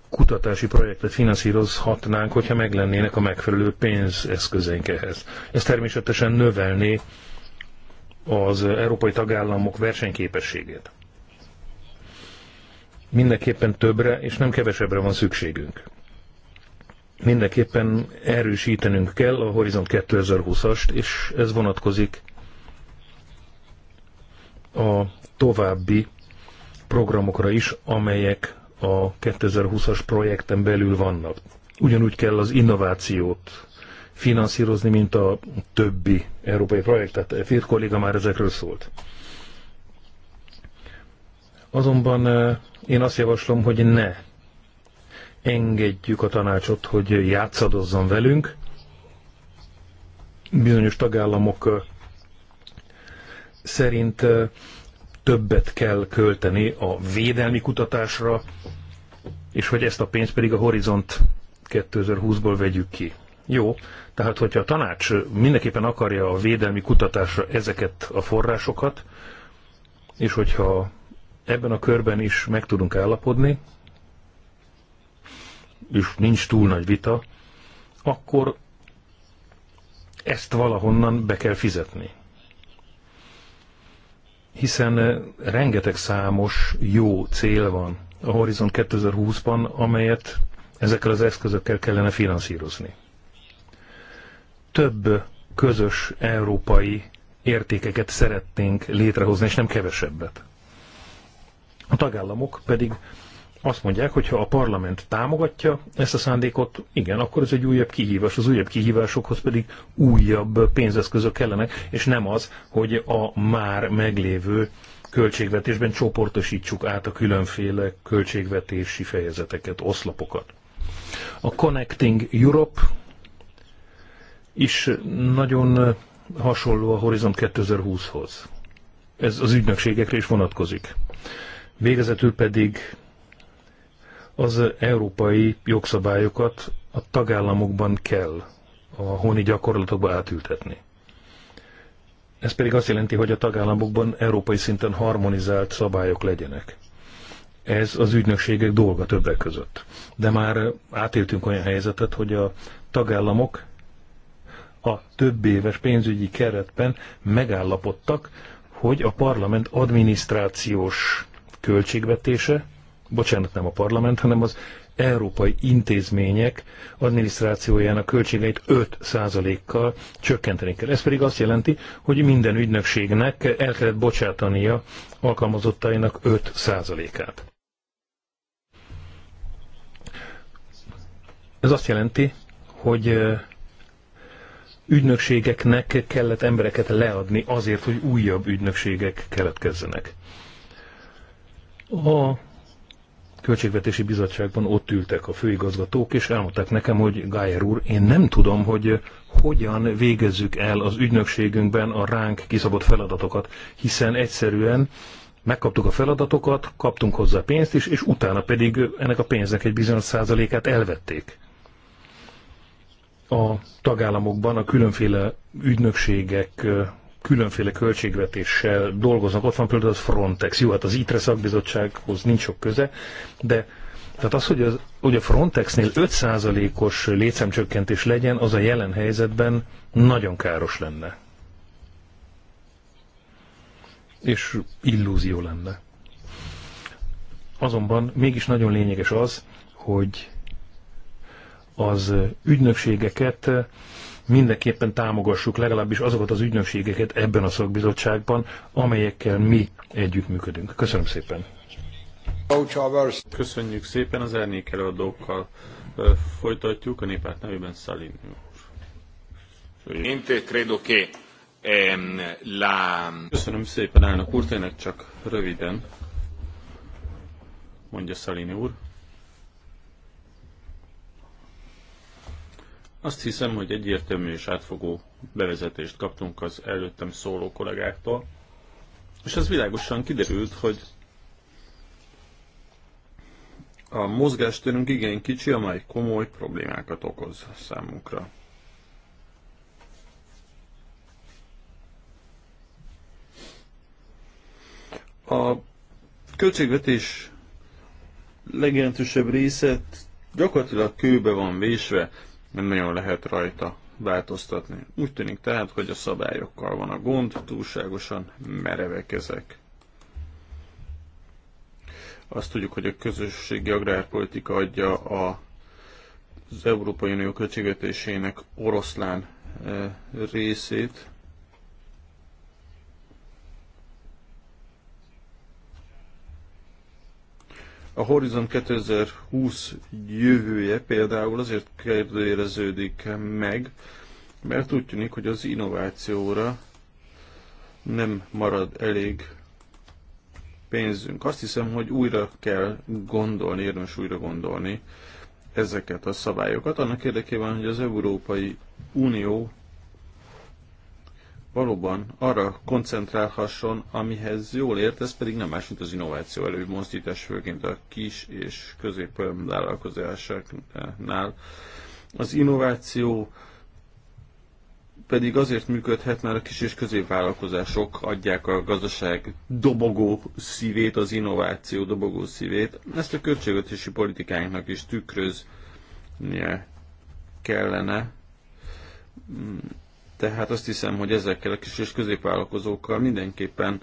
kutatási projektet finanszírozhatnánk, hogyha meglennének a megfelelő pénzeszközeink ehhez. Ez természetesen növelné az európai tagállamok versenyképességét. Mindenképpen többre és nem kevesebbre van szükségünk. Mindenképpen erősítenünk kell a Horizont 2020-ast, és ez vonatkozik a további programokra is, amelyek a 2020-as projekten belül vannak. Ugyanúgy kell az innovációt finanszírozni, mint a többi európai projekt, tehát Fér kolléga már ezekről szólt. Azonban én azt javaslom, hogy ne engedjük a tanácsot, hogy játszadozzon velünk. Bizonyos tagállamok szerint többet kell költeni a védelmi kutatásra, és hogy ezt a pénzt pedig a Horizont 2020-ból vegyük ki. Jó, tehát hogyha a tanács mindenképpen akarja a védelmi kutatásra ezeket a forrásokat, és hogyha ebben a körben is meg tudunk állapodni, és nincs túl nagy vita, akkor ezt valahonnan be kell fizetni. Hiszen eh, rengeteg számos jó cél van a Horizon 2020-ban, amelyet ezekkel az eszközökkel kellene finanszírozni több közös európai értékeket szeretnénk létrehozni, és nem kevesebbet. A tagállamok pedig azt mondják, hogy ha a parlament támogatja ezt a szándékot, igen, akkor ez egy újabb kihívás. Az újabb kihívásokhoz pedig újabb pénzeszközök kellenek, és nem az, hogy a már meglévő költségvetésben csoportosítsuk át a különféle költségvetési fejezeteket, oszlopokat. A Connecting Europe is nagyon hasonló a Horizont 2020-hoz. Ez az ügynökségekre is vonatkozik. Végezetül pedig az európai jogszabályokat a tagállamokban kell a honi gyakorlatokba átültetni. Ez pedig azt jelenti, hogy a tagállamokban európai szinten harmonizált szabályok legyenek. Ez az ügynökségek dolga többek között. De már átéltünk olyan helyzetet, hogy a tagállamok a több éves pénzügyi keretben megállapodtak, hogy a parlament adminisztrációs költségvetése, bocsánat, nem a parlament, hanem az európai intézmények adminisztrációjának költségeit 5%-kal csökkenteni kell. Ez pedig azt jelenti, hogy minden ügynökségnek el kellett bocsátania alkalmazottainak 5%-át. Ez azt jelenti, hogy ügynökségeknek kellett embereket leadni azért, hogy újabb ügynökségek keletkezzenek. A Költségvetési Bizottságban ott ültek a főigazgatók, és elmondták nekem, hogy Gájer úr, én nem tudom, hogy hogyan végezzük el az ügynökségünkben a ránk kiszabott feladatokat, hiszen egyszerűen megkaptuk a feladatokat, kaptunk hozzá pénzt is, és utána pedig ennek a pénznek egy bizonyos százalékát elvették a tagállamokban a különféle ügynökségek különféle költségvetéssel dolgoznak. Ott van például az Frontex. Jó, hát az ITRE szakbizottsághoz nincs sok köze, de tehát az, hogy, az, hogy a Frontexnél 5%-os létszámcsökkentés legyen, az a jelen helyzetben nagyon káros lenne. És illúzió lenne. Azonban mégis nagyon lényeges az, hogy az ügynökségeket mindenképpen támogassuk legalábbis azokat az ügynökségeket ebben a szakbizottságban, amelyekkel mi együttműködünk. Köszönöm szépen! Köszönjük szépen az elnék előadókkal. Folytatjuk a népát nevében Szalin úr. Ehm, Köszönöm szépen, elnök úr, tényleg csak röviden, mondja Szalini úr. Azt hiszem, hogy egyértelmű és átfogó bevezetést kaptunk az előttem szóló kollégáktól, és az világosan kiderült, hogy a mozgástérünk igen kicsi, amely komoly problémákat okoz számunkra. A költségvetés legjelentősebb része gyakorlatilag kőbe van vésve, nem nagyon lehet rajta változtatni. Úgy tűnik tehát, hogy a szabályokkal van a gond, túlságosan merevek ezek. Azt tudjuk, hogy a közösségi agrárpolitika adja a, az Európai Unió költségvetésének oroszlán eh, részét, A Horizon 2020 jövője például azért kérdőjeleződik meg, mert úgy tűnik, hogy az innovációra nem marad elég pénzünk. Azt hiszem, hogy újra kell gondolni, érdemes újra gondolni ezeket a szabályokat, annak érdekében, hogy az Európai Unió valóban arra koncentrálhasson, amihez jól ért, ez pedig nem más, mint az innováció előmozdítás, főként a kis és vállalkozásoknál. Az innováció pedig azért működhet, mert a kis és középvállalkozások adják a gazdaság dobogó szívét, az innováció dobogó szívét. Ezt a költségvetési politikáinknak is tükröznie kellene tehát azt hiszem, hogy ezekkel a kis és középvállalkozókkal mindenképpen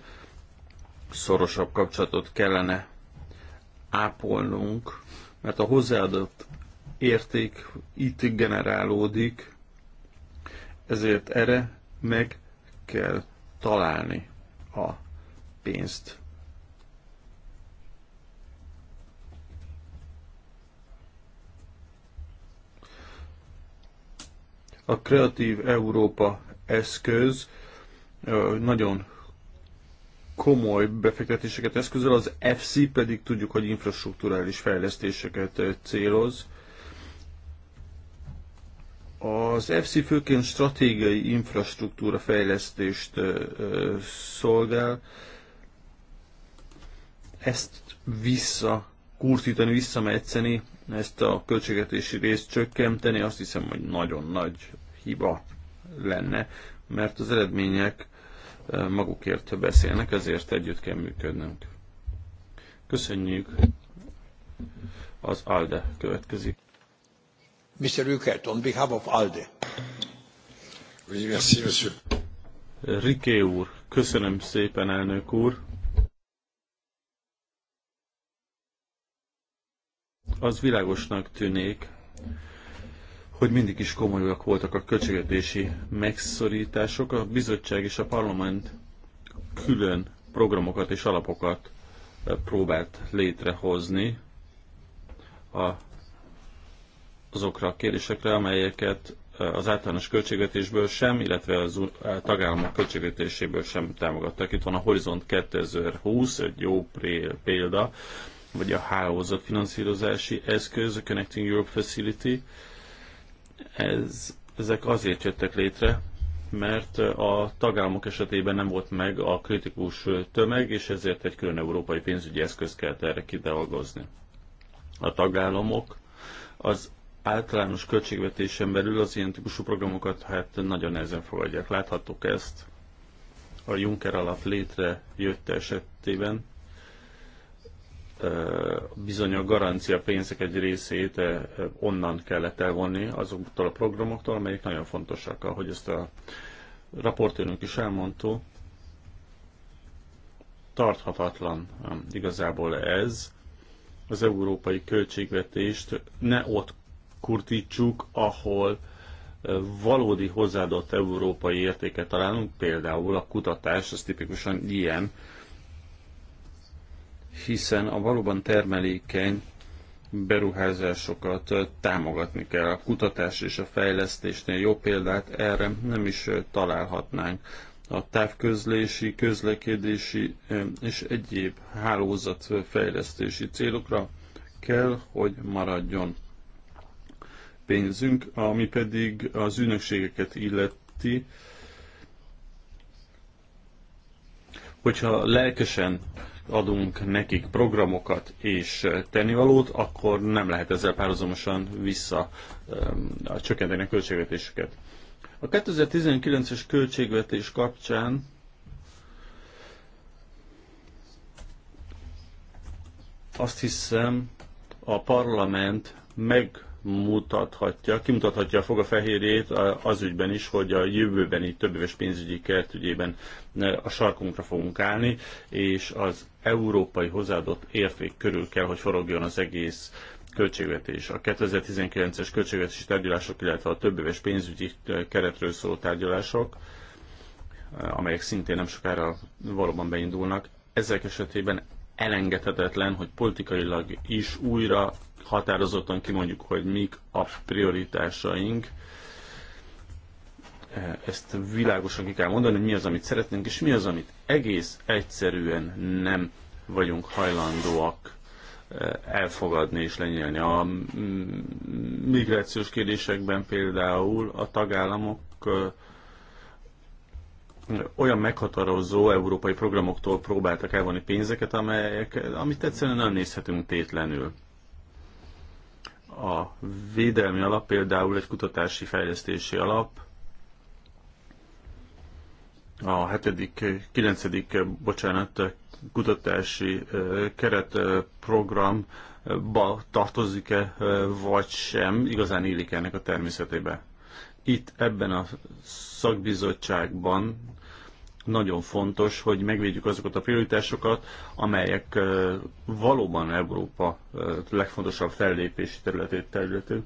szorosabb kapcsolatot kellene ápolnunk, mert a hozzáadott érték itt generálódik, ezért erre meg kell találni a pénzt. A Kreatív Európa eszköz nagyon komoly befektetéseket eszközöl, az FC pedig tudjuk, hogy infrastruktúrális fejlesztéseket céloz. Az FC főként stratégiai infrastruktúra fejlesztést szolgál, ezt vissza, kurtítani, visszamecceni ezt a költségetési részt csökkenteni, azt hiszem, hogy nagyon nagy hiba lenne, mert az eredmények e, magukért beszélnek, ezért együtt kell működnünk. Köszönjük! Az ALDE következik. Mr. Rückert, on behalf of ALDE. Oui, merci, monsieur. Riké úr, köszönöm szépen, elnök úr. az világosnak tűnik, hogy mindig is komolyak voltak a költségvetési megszorítások. A bizottság és a parlament külön programokat és alapokat e, próbált létrehozni a, azokra a kérdésekre, amelyeket e, az általános költségvetésből sem, illetve az e, tagállamok költségvetéséből sem támogattak. Itt van a Horizont 2020, egy jó példa, vagy a hálózat finanszírozási eszköz, a Connecting Europe Facility. Ez, ezek azért jöttek létre, mert a tagállamok esetében nem volt meg a kritikus tömeg, és ezért egy külön európai pénzügyi eszköz kellett erre kidolgozni. A tagállamok az általános költségvetésen belül az ilyen típusú programokat hát nagyon nehezen fogadják. Láthattuk ezt a Juncker alap létrejött esetében, bizony a garancia pénzek egy részét onnan kellett elvonni azoktól a programoktól, amelyek nagyon fontosak, ahogy ezt a raportőrünk is elmondta, tarthatatlan igazából ez. Az európai költségvetést ne ott kurtítsuk, ahol valódi hozzáadott európai értéket találunk, például a kutatás, az tipikusan ilyen hiszen a valóban termelékeny beruházásokat támogatni kell. A kutatás és a fejlesztésnél jó példát erre nem is találhatnánk. A távközlési, közlekedési eh, és egyéb hálózatfejlesztési célokra kell, hogy maradjon pénzünk, ami pedig az ügynökségeket illeti, hogyha lelkesen adunk nekik programokat és tennivalót, akkor nem lehet ezzel párhuzamosan vissza a csökkenteni a költségvetéseket. A 2019-es költségvetés kapcsán azt hiszem a parlament meg mutathatja, kimutathatja a foga fehérjét az ügyben is, hogy a jövőbeni éves pénzügyi keret ügyében a sarkunkra fogunk állni, és az európai hozzáadott érték körül kell, hogy forogjon az egész költségvetés. A 2019-es költségvetési tárgyalások, illetve a éves pénzügyi keretről szóló tárgyalások, amelyek szintén nem sokára valóban beindulnak, ezek esetében elengedhetetlen, hogy politikailag is újra határozottan kimondjuk, hogy mik a prioritásaink, e, ezt világosan ki kell mondani, hogy mi az, amit szeretnénk, és mi az, amit egész egyszerűen nem vagyunk hajlandóak e, elfogadni és lenyelni. A migrációs kérdésekben például a tagállamok e, olyan meghatározó európai programoktól próbáltak elvonni pénzeket, amelyek, amit egyszerűen nem nézhetünk tétlenül a védelmi alap például egy kutatási fejlesztési alap, a 7. 9. bocsánat, kutatási keretprogramba tartozik-e, vagy sem, igazán illik ennek a természetébe. Itt ebben a szakbizottságban nagyon fontos, hogy megvédjük azokat a prioritásokat, amelyek valóban Európa legfontosabb fellépési területét területén.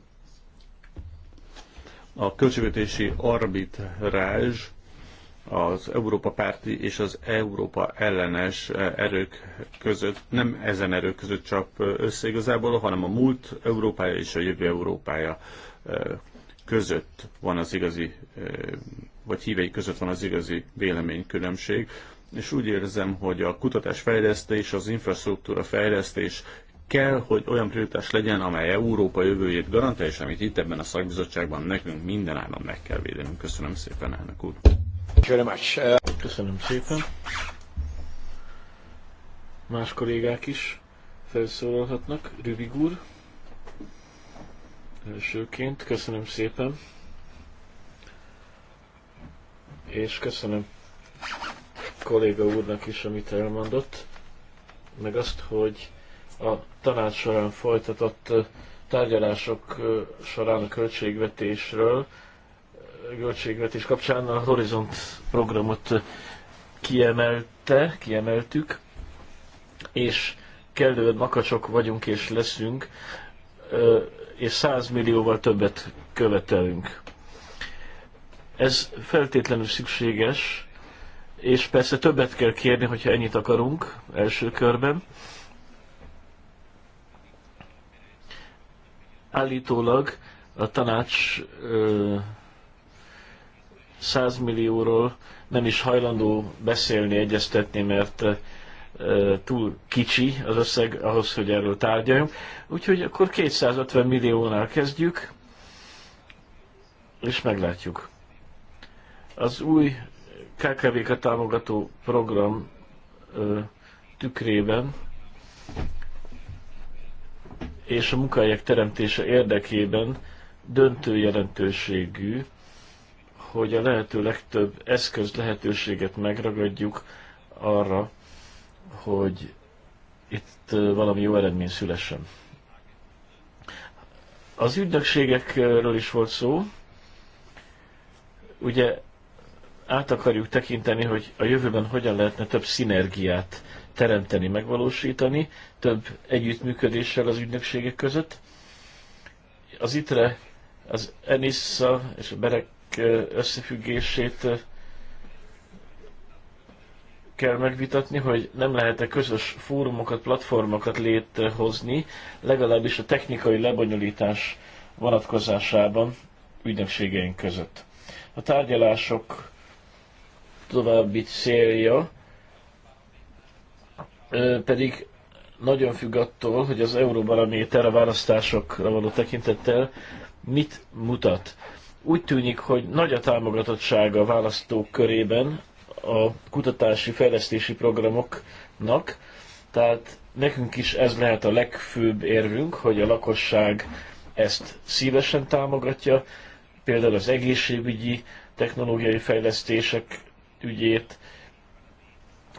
A költségvetési arbitrázs az Európa párti és az Európa ellenes erők között, nem ezen erők között csap össze igazából, hanem a múlt Európája és a jövő Európája között van az igazi vagy hívei között van az igazi véleménykülönbség, és úgy érzem, hogy a kutatás fejlesztés, az infrastruktúra fejlesztés kell, hogy olyan prioritás legyen, amely Európa jövőjét garantálja, és amit itt ebben a szakbizottságban nekünk minden állam meg kell védenünk. Köszönöm szépen, elnök úr. Köszönöm szépen. Más kollégák is felszólalhatnak. Rübig úr. Elsőként köszönöm szépen és köszönöm kolléga úrnak is, amit elmondott, meg azt, hogy a tanács során folytatott tárgyalások során a költségvetésről, költségvetés kapcsán a Horizont programot kiemelte, kiemeltük, és kellően makacsok vagyunk és leszünk, és 100 millióval többet követelünk. Ez feltétlenül szükséges, és persze többet kell kérni, hogyha ennyit akarunk első körben. Állítólag a tanács 100 millióról nem is hajlandó beszélni, egyeztetni, mert túl kicsi az összeg ahhoz, hogy erről tárgyaljunk. Úgyhogy akkor 250 milliónál kezdjük, és meglátjuk. Az új KKV-kat támogató program ö, tükrében és a munkahelyek teremtése érdekében döntő jelentőségű, hogy a lehető legtöbb eszköz lehetőséget megragadjuk arra, hogy itt valami jó eredmény szülessen. Az ügynökségekről is volt szó. Ugye át akarjuk tekinteni, hogy a jövőben hogyan lehetne több szinergiát teremteni, megvalósítani, több együttműködéssel az ügynökségek között. Az ITRE, az ENISZA és a BEREK összefüggését kell megvitatni, hogy nem lehet-e közös fórumokat, platformokat létrehozni, legalábbis a technikai lebonyolítás vonatkozásában ügynökségeink között. A tárgyalások további célja pedig nagyon függ attól, hogy az Euróbarométer a választásokra való tekintettel mit mutat. Úgy tűnik, hogy nagy a támogatottsága a választók körében a kutatási fejlesztési programoknak, tehát nekünk is ez lehet a legfőbb érvünk, hogy a lakosság ezt szívesen támogatja, például az egészségügyi technológiai fejlesztések ügyét,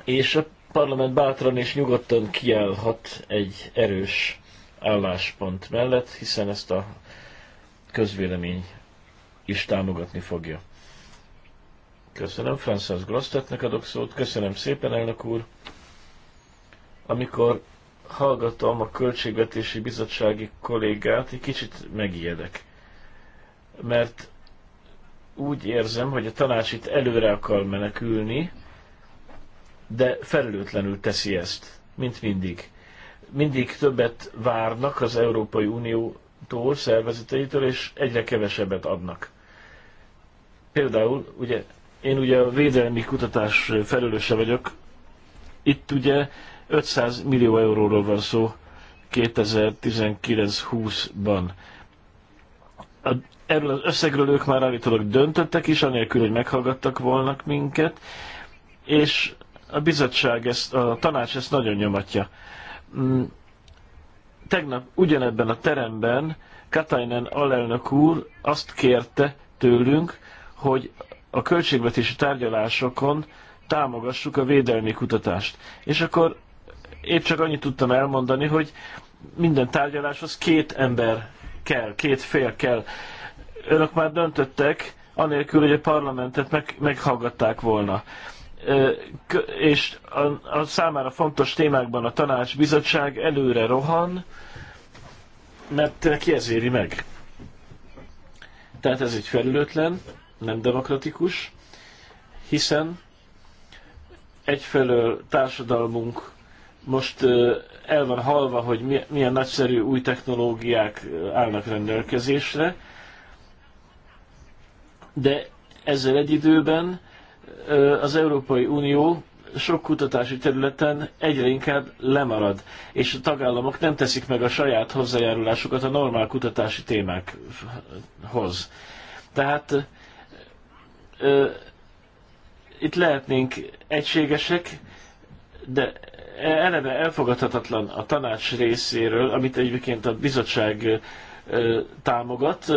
és a parlament bátran és nyugodtan kiállhat egy erős álláspont mellett, hiszen ezt a közvélemény is támogatni fogja. Köszönöm, Francis Grostetnek adok szót, köszönöm szépen, elnök úr. Amikor hallgatom a Költségvetési Bizottsági kollégát, egy kicsit megijedek, mert úgy érzem, hogy a tanács itt előre akar menekülni, de felelőtlenül teszi ezt, mint mindig. Mindig többet várnak az Európai Uniótól, szervezeteitől, és egyre kevesebbet adnak. Például, ugye, én ugye a védelmi kutatás felelőse vagyok, itt ugye 500 millió euróról van szó 2019-20-ban erről az összegről ők már állítólag döntöttek is, anélkül, hogy meghallgattak volna minket, és a bizottság, ezt, a tanács ezt nagyon nyomatja. Mm. Tegnap ugyanebben a teremben Katainen alelnök úr azt kérte tőlünk, hogy a költségvetési tárgyalásokon támogassuk a védelmi kutatást. És akkor épp csak annyit tudtam elmondani, hogy minden tárgyaláshoz két ember kell, két fél kell önök már döntöttek, anélkül, hogy a parlamentet meg, meghallgatták volna. És a, a számára fontos témákban a tanácsbizottság előre rohan, mert ki ez éri meg. Tehát ez egy felülőtlen, nem demokratikus, hiszen egyfelől társadalmunk most el van halva, hogy milyen nagyszerű új technológiák állnak rendelkezésre, de ezzel egy időben az Európai Unió sok kutatási területen egyre inkább lemarad, és a tagállamok nem teszik meg a saját hozzájárulásukat a normál kutatási témákhoz. Tehát ö, itt lehetnénk egységesek, de eleve elfogadhatatlan a tanács részéről, amit egyébként a bizottság támogat,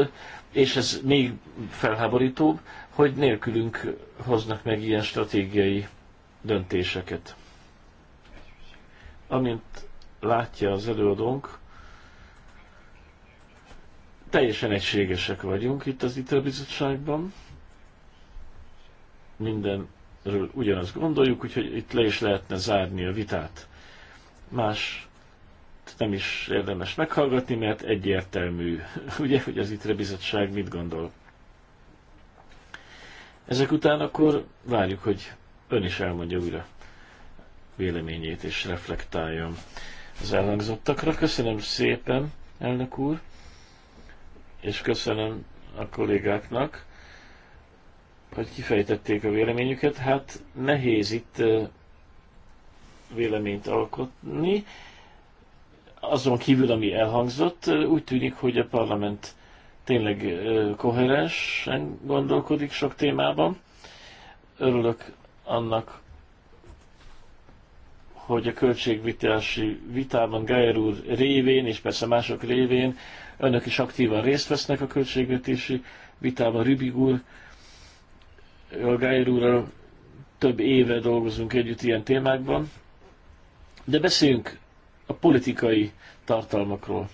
és ez még felháborítóbb, hogy nélkülünk hoznak meg ilyen stratégiai döntéseket. Amint látja az előadónk, teljesen egységesek vagyunk itt az ITER bizottságban. Mindenről ugyanazt gondoljuk, úgyhogy itt le is lehetne zárni a vitát. Más nem is érdemes meghallgatni, mert egyértelmű, ugye, hogy az ITRE bizottság mit gondol. Ezek után akkor várjuk, hogy ön is elmondja újra véleményét és reflektáljon az elhangzottakra. Köszönöm szépen, elnök úr, és köszönöm a kollégáknak, hogy kifejtették a véleményüket. Hát nehéz itt véleményt alkotni, azon kívül, ami elhangzott, úgy tűnik, hogy a parlament tényleg koherensen gondolkodik sok témában. Örülök annak, hogy a költségvitási vitában Geyer úr révén, és persze mások révén, önök is aktívan részt vesznek a költségvetési vitában. Rübig úr, a Geyer úrral több éve dolgozunk együtt ilyen témákban. De beszéljünk a politikai tartalmakról,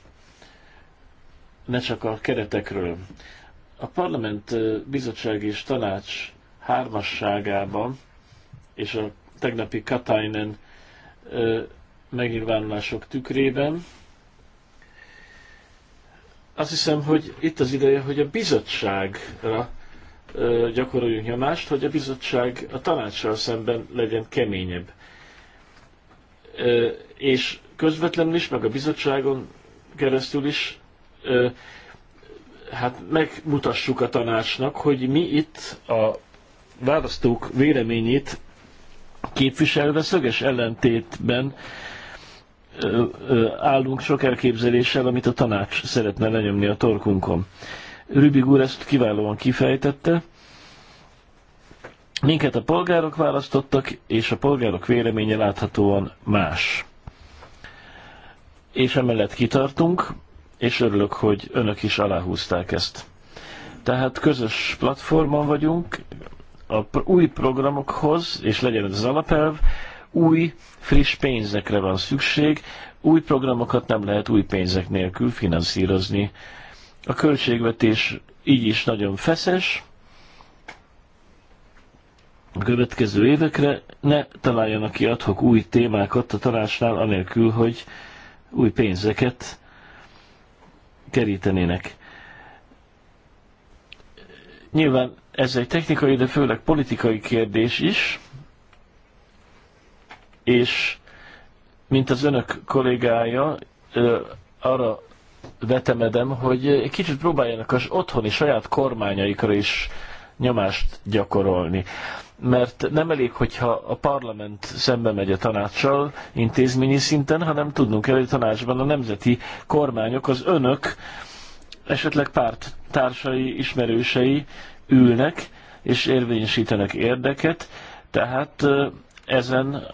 ne csak a keretekről. A parlament, bizottság és tanács hármasságában és a tegnapi Katainen megnyilvánulások tükrében azt hiszem, hogy itt az ideje, hogy a bizottságra gyakoroljunk nyomást, hogy a bizottság a tanácssal szemben legyen keményebb és közvetlenül is, meg a bizottságon keresztül is hát megmutassuk a tanácsnak, hogy mi itt a választók véleményét képviselve szöges ellentétben állunk sok elképzeléssel, amit a tanács szeretne lenyomni a torkunkon. Rübig úr ezt kiválóan kifejtette, Minket a polgárok választottak, és a polgárok véleménye láthatóan más. És emellett kitartunk, és örülök, hogy önök is aláhúzták ezt. Tehát közös platformon vagyunk, a új programokhoz, és legyen ez az alapelv, új, friss pénzekre van szükség, új programokat nem lehet új pénzek nélkül finanszírozni. A költségvetés így is nagyon feszes, a következő évekre ne találjanak ki adhok új témákat a tanácsnál, anélkül, hogy új pénzeket kerítenének. Nyilván ez egy technikai, de főleg politikai kérdés is, és mint az önök kollégája, arra vetemedem, hogy egy kicsit próbáljanak az otthoni saját kormányaikra is nyomást gyakorolni mert nem elég, hogyha a parlament szembe megy a tanácssal intézményi szinten, hanem tudnunk kell, hogy a tanácsban a nemzeti kormányok, az önök, esetleg párt társai, ismerősei ülnek és érvényesítenek érdeket, tehát ezen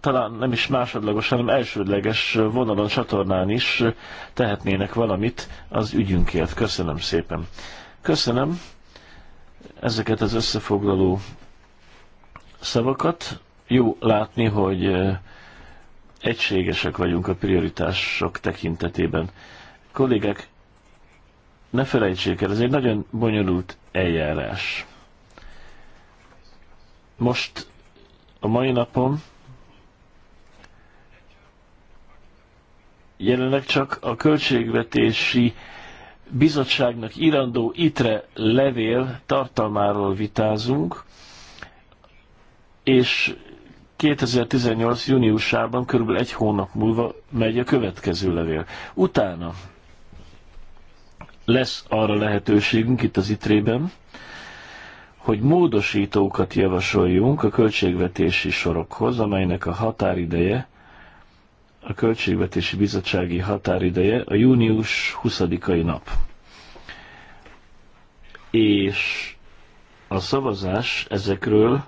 talán nem is másodlagos, hanem elsődleges vonalon, csatornán is tehetnének valamit az ügyünkért. Köszönöm szépen. Köszönöm ezeket az összefoglaló szavakat. Jó látni, hogy egységesek vagyunk a prioritások tekintetében. Kollégák, ne felejtsék el, ez egy nagyon bonyolult eljárás. Most a mai napon jelenleg csak a költségvetési bizottságnak irandó itre levél tartalmáról vitázunk, és 2018. júniusában, körülbelül egy hónap múlva megy a következő levél. Utána lesz arra lehetőségünk itt az itrében, hogy módosítókat javasoljunk a költségvetési sorokhoz, amelynek a határideje, a költségvetési bizottsági határideje a június 20-ai nap. És a szavazás ezekről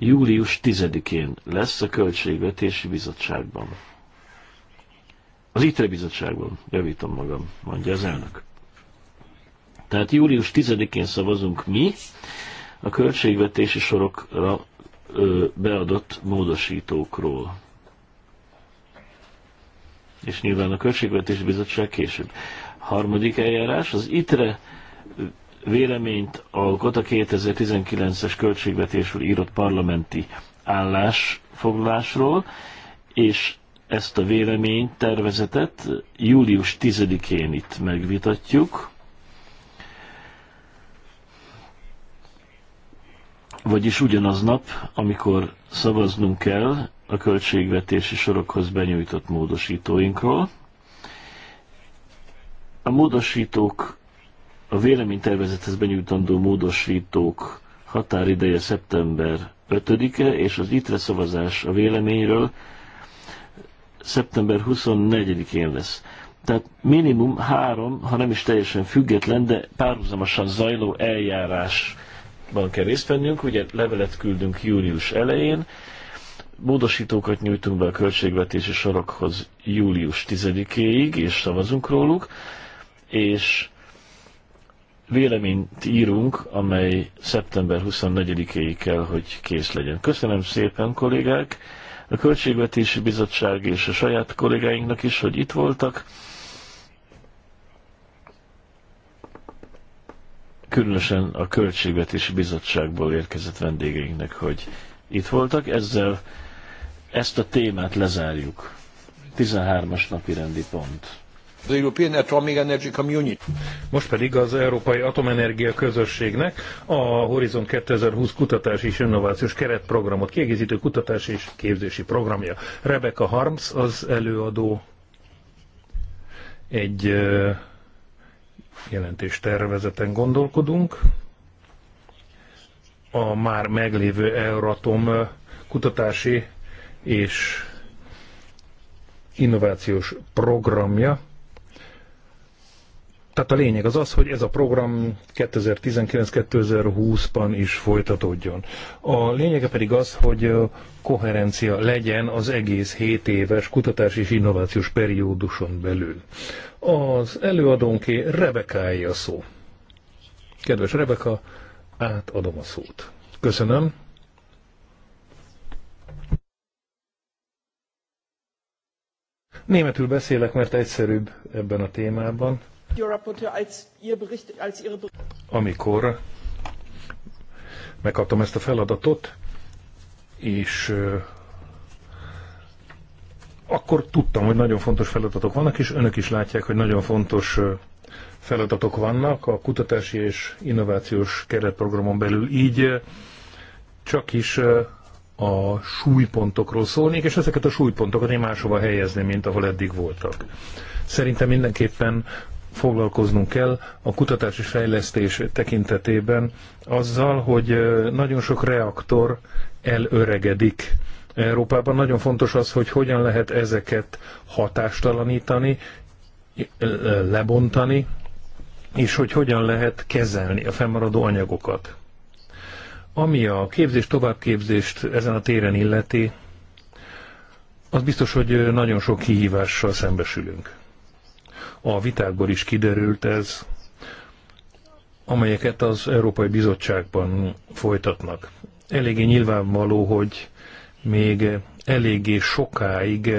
július 10-én lesz a Költségvetési Bizottságban. Az ITRE Bizottságban, javítom magam, mondja az elnök. Tehát július 10-én szavazunk mi a költségvetési sorokra ö, beadott módosítókról. És nyilván a Költségvetési Bizottság később. Harmadik eljárás, az ITRE véleményt alkot a 2019-es költségvetésről írott parlamenti állásfoglásról, és ezt a véleményt, tervezetet július 10-én itt megvitatjuk, vagyis ugyanaz nap, amikor szavaznunk kell a költségvetési sorokhoz benyújtott módosítóinkról. A módosítók a véleménytervezethez benyújtandó módosítók határideje szeptember 5-e, és az ITRE szavazás a véleményről szeptember 24-én lesz. Tehát minimum három, ha nem is teljesen független, de párhuzamosan zajló eljárásban kell részt vennünk. Ugye levelet küldünk július elején, módosítókat nyújtunk be a költségvetési sorokhoz július 10-éig, és szavazunk róluk, és véleményt írunk, amely szeptember 24-éig kell, hogy kész legyen. Köszönöm szépen, kollégák, a Költségvetési Bizottság és a saját kollégáinknak is, hogy itt voltak. Különösen a Költségvetési Bizottságból érkezett vendégeinknek, hogy itt voltak. Ezzel ezt a témát lezárjuk. 13-as napi rendi pont. Most pedig az Európai Atomenergia Közösségnek a Horizon 2020 Kutatási és innovációs keretprogramot kiegészítő kutatási és képzési programja. Rebecca Harms az előadó egy tervezeten gondolkodunk. A már meglévő Euratom kutatási és innovációs programja tehát a lényeg az az, hogy ez a program 2019-2020-ban is folytatódjon. A lényege pedig az, hogy koherencia legyen az egész 7 éves kutatás és innovációs perióduson belül. Az előadónké Rebeka a szó. Kedves Rebeka, átadom a szót. Köszönöm. Németül beszélek, mert egyszerűbb ebben a témában. Amikor megkaptam ezt a feladatot, és akkor tudtam, hogy nagyon fontos feladatok vannak, és önök is látják, hogy nagyon fontos feladatok vannak a kutatási és innovációs keretprogramon belül. Így csak is a súlypontokról szólnék, és ezeket a súlypontokat én máshova helyezném, mint ahol eddig voltak. Szerintem mindenképpen foglalkoznunk kell a kutatási és fejlesztés tekintetében azzal, hogy nagyon sok reaktor elöregedik. Európában nagyon fontos az, hogy hogyan lehet ezeket hatástalanítani, lebontani, és hogy hogyan lehet kezelni a fennmaradó anyagokat. Ami a képzés, továbbképzést ezen a téren illeti, az biztos, hogy nagyon sok kihívással szembesülünk a vitákból is kiderült ez, amelyeket az Európai Bizottságban folytatnak. Eléggé nyilvánvaló, hogy még eléggé sokáig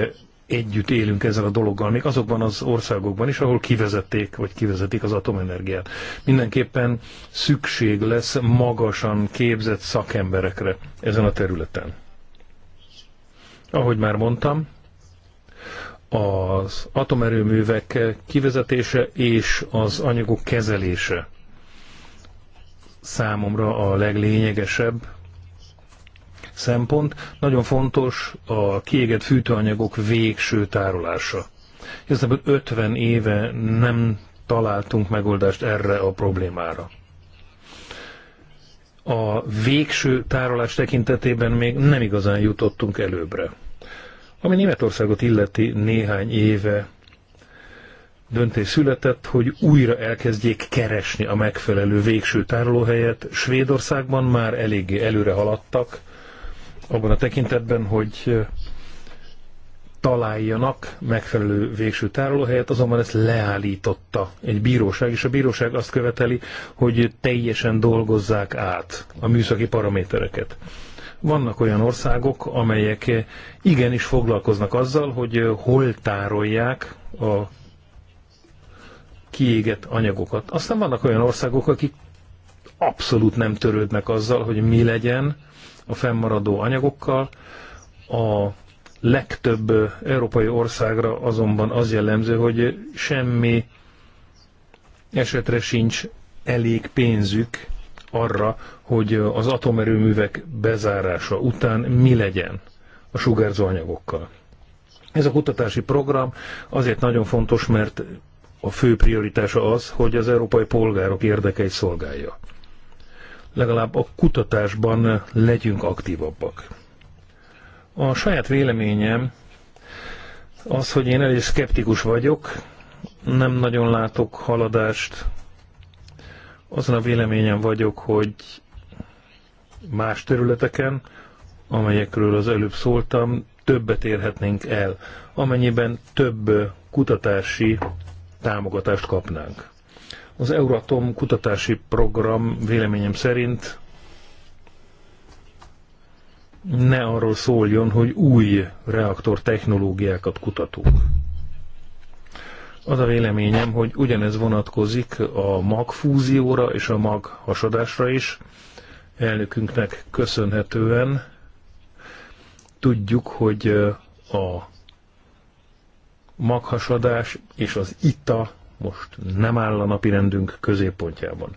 együtt élünk ezzel a dologgal, még azokban az országokban is, ahol kivezették, vagy kivezetik az atomenergiát. Mindenképpen szükség lesz magasan képzett szakemberekre ezen a területen. Ahogy már mondtam, az atomerőművek kivezetése és az anyagok kezelése számomra a leglényegesebb szempont. Nagyon fontos a kiégett fűtőanyagok végső tárolása. Igazából 50 éve nem találtunk megoldást erre a problémára. A végső tárolás tekintetében még nem igazán jutottunk előbbre. Ami Németországot illeti néhány éve döntés született, hogy újra elkezdjék keresni a megfelelő végső tárolóhelyet. Svédországban már eléggé előre haladtak, abban a tekintetben, hogy találjanak megfelelő végső tárolóhelyet, azonban ezt leállította egy bíróság, és a bíróság azt követeli, hogy teljesen dolgozzák át a műszaki paramétereket. Vannak olyan országok, amelyek igenis foglalkoznak azzal, hogy hol tárolják a kiégett anyagokat. Aztán vannak olyan országok, akik abszolút nem törődnek azzal, hogy mi legyen a fennmaradó anyagokkal. A legtöbb európai országra azonban az jellemző, hogy semmi esetre sincs elég pénzük arra, hogy az atomerőművek bezárása után mi legyen a sugárzó anyagokkal. Ez a kutatási program azért nagyon fontos, mert a fő prioritása az, hogy az európai polgárok érdekeit szolgálja. Legalább a kutatásban legyünk aktívabbak. A saját véleményem az, hogy én elég szkeptikus vagyok, nem nagyon látok haladást azon a véleményen vagyok, hogy más területeken, amelyekről az előbb szóltam, többet érhetnénk el, amennyiben több kutatási támogatást kapnánk. Az Euratom kutatási program véleményem szerint ne arról szóljon, hogy új reaktor technológiákat kutatunk. Az a véleményem, hogy ugyanez vonatkozik a magfúzióra és a maghasadásra is. Elnökünknek köszönhetően tudjuk, hogy a maghasadás és az itta most nem áll a napirendünk középpontjában.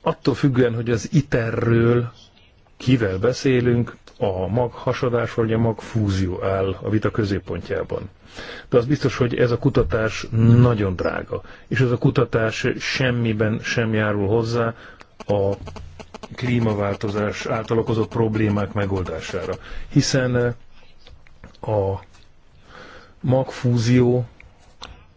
Attól függően, hogy az iterről kivel beszélünk, a hasadás vagy a magfúzió áll a vita középpontjában. De az biztos, hogy ez a kutatás nagyon drága, és ez a kutatás semmiben sem járul hozzá a klímaváltozás által okozott problémák megoldására. Hiszen eh, a magfúzió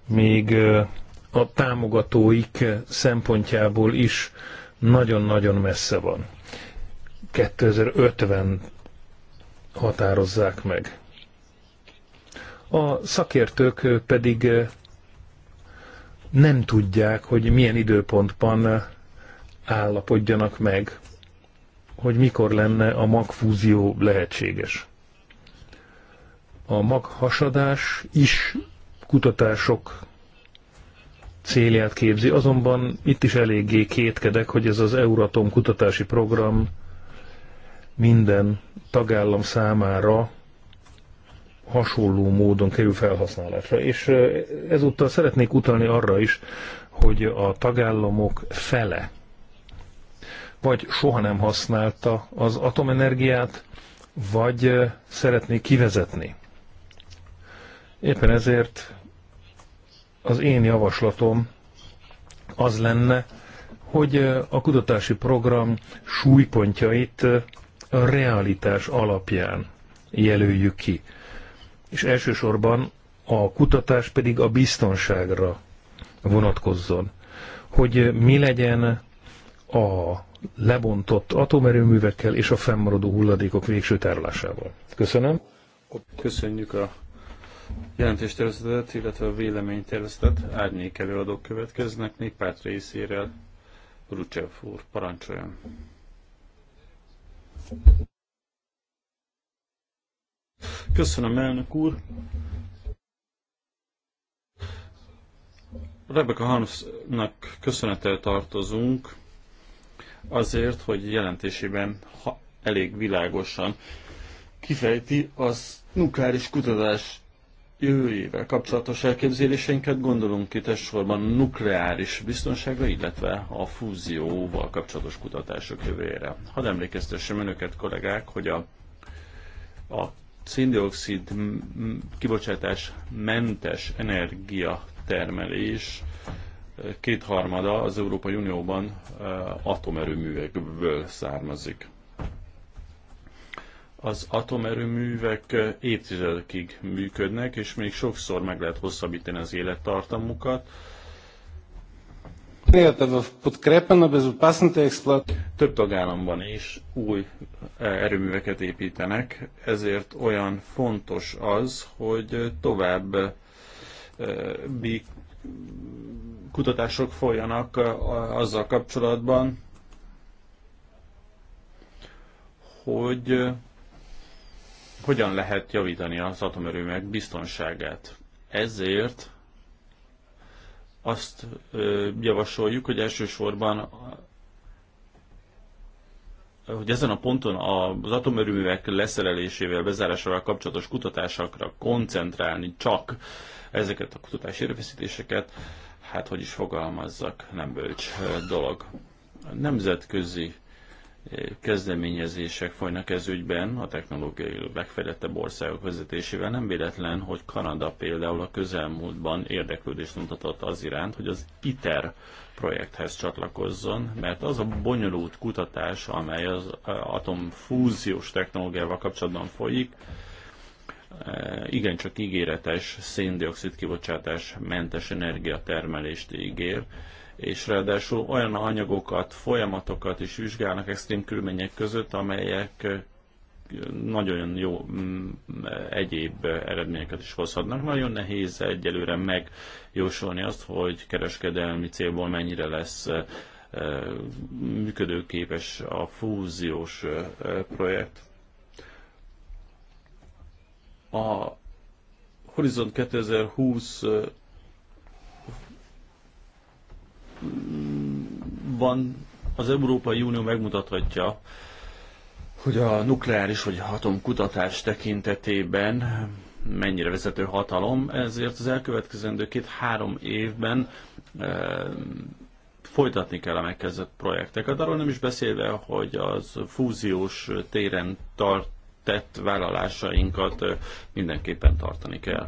még eh, a támogatóik szempontjából is nagyon-nagyon messze van. 2050 határozzák meg. A szakértők pedig nem tudják, hogy milyen időpontban állapodjanak meg, hogy mikor lenne a magfúzió lehetséges. A maghasadás is kutatások célját képzi, azonban itt is eléggé kétkedek, hogy ez az Euratom kutatási program minden tagállam számára hasonló módon kerül felhasználásra. És ezúttal szeretnék utalni arra is, hogy a tagállamok fele vagy soha nem használta az atomenergiát, vagy szeretné kivezetni. Éppen ezért az én javaslatom az lenne, hogy a kutatási program súlypontjait a realitás alapján jelöljük ki. És elsősorban a kutatás pedig a biztonságra vonatkozzon. Hogy mi legyen a lebontott atomerőművekkel és a fennmaradó hulladékok végső tárolásával. Köszönöm. Köszönjük a jelentéstervezetet, illetve a véleménytervezetet. Árnyék előadók következnek, néppárt részéről Rucsev úr, parancsoljon. Köszönöm, elnök úr. Rebecca Harmsnak köszönettel tartozunk azért, hogy jelentésében elég világosan kifejti az nukleáris kutatás jövőjével kapcsolatos elképzeléseinket gondolunk itt elsősorban nukleáris biztonságra, illetve a fúzióval kapcsolatos kutatások jövőjére. Hadd emlékeztessem önöket, kollégák, hogy a, a széndiokszid kibocsátás mentes energia termelés eh, kétharmada az Európai Unióban eh, atomerőművekből származik az atomerőművek évtizedekig működnek, és még sokszor meg lehet hosszabbítani az élettartamukat. Több tagállamban is új e, erőműveket építenek, ezért olyan fontos az, hogy tovább e, kutatások folyanak e, azzal kapcsolatban, hogy hogyan lehet javítani az atomerőmek biztonságát. Ezért azt javasoljuk, hogy elsősorban hogy ezen a ponton az atomerőművek leszerelésével, bezárásával kapcsolatos kutatásokra koncentrálni csak ezeket a kutatási erőfeszítéseket, hát hogy is fogalmazzak, nem bölcs dolog. A nemzetközi kezdeményezések folynak ez ügyben a technológiai legfejlettebb országok vezetésével. Nem véletlen, hogy Kanada például a közelmúltban érdeklődést mutatott az iránt, hogy az ITER projekthez csatlakozzon, mert az a bonyolult kutatás, amely az atomfúziós technológiával kapcsolatban folyik, igencsak ígéretes széndiokszid kibocsátás mentes energiatermelést ígér, és ráadásul olyan anyagokat, folyamatokat is vizsgálnak extrém körülmények között, amelyek nagyon jó mm, egyéb eredményeket is hozhatnak. Nagyon nehéz egyelőre megjósolni azt, hogy kereskedelmi célból mennyire lesz működőképes a fúziós projekt. A Horizont 2020 van az Európai Unió megmutathatja, hogy a nukleáris vagy hatom kutatás tekintetében mennyire vezető hatalom, ezért az elkövetkezendő két-három évben e, folytatni kell a megkezdett projekteket. Arról nem is beszélve, hogy az fúziós téren tart tett vállalásainkat eh, mindenképpen tartani kell.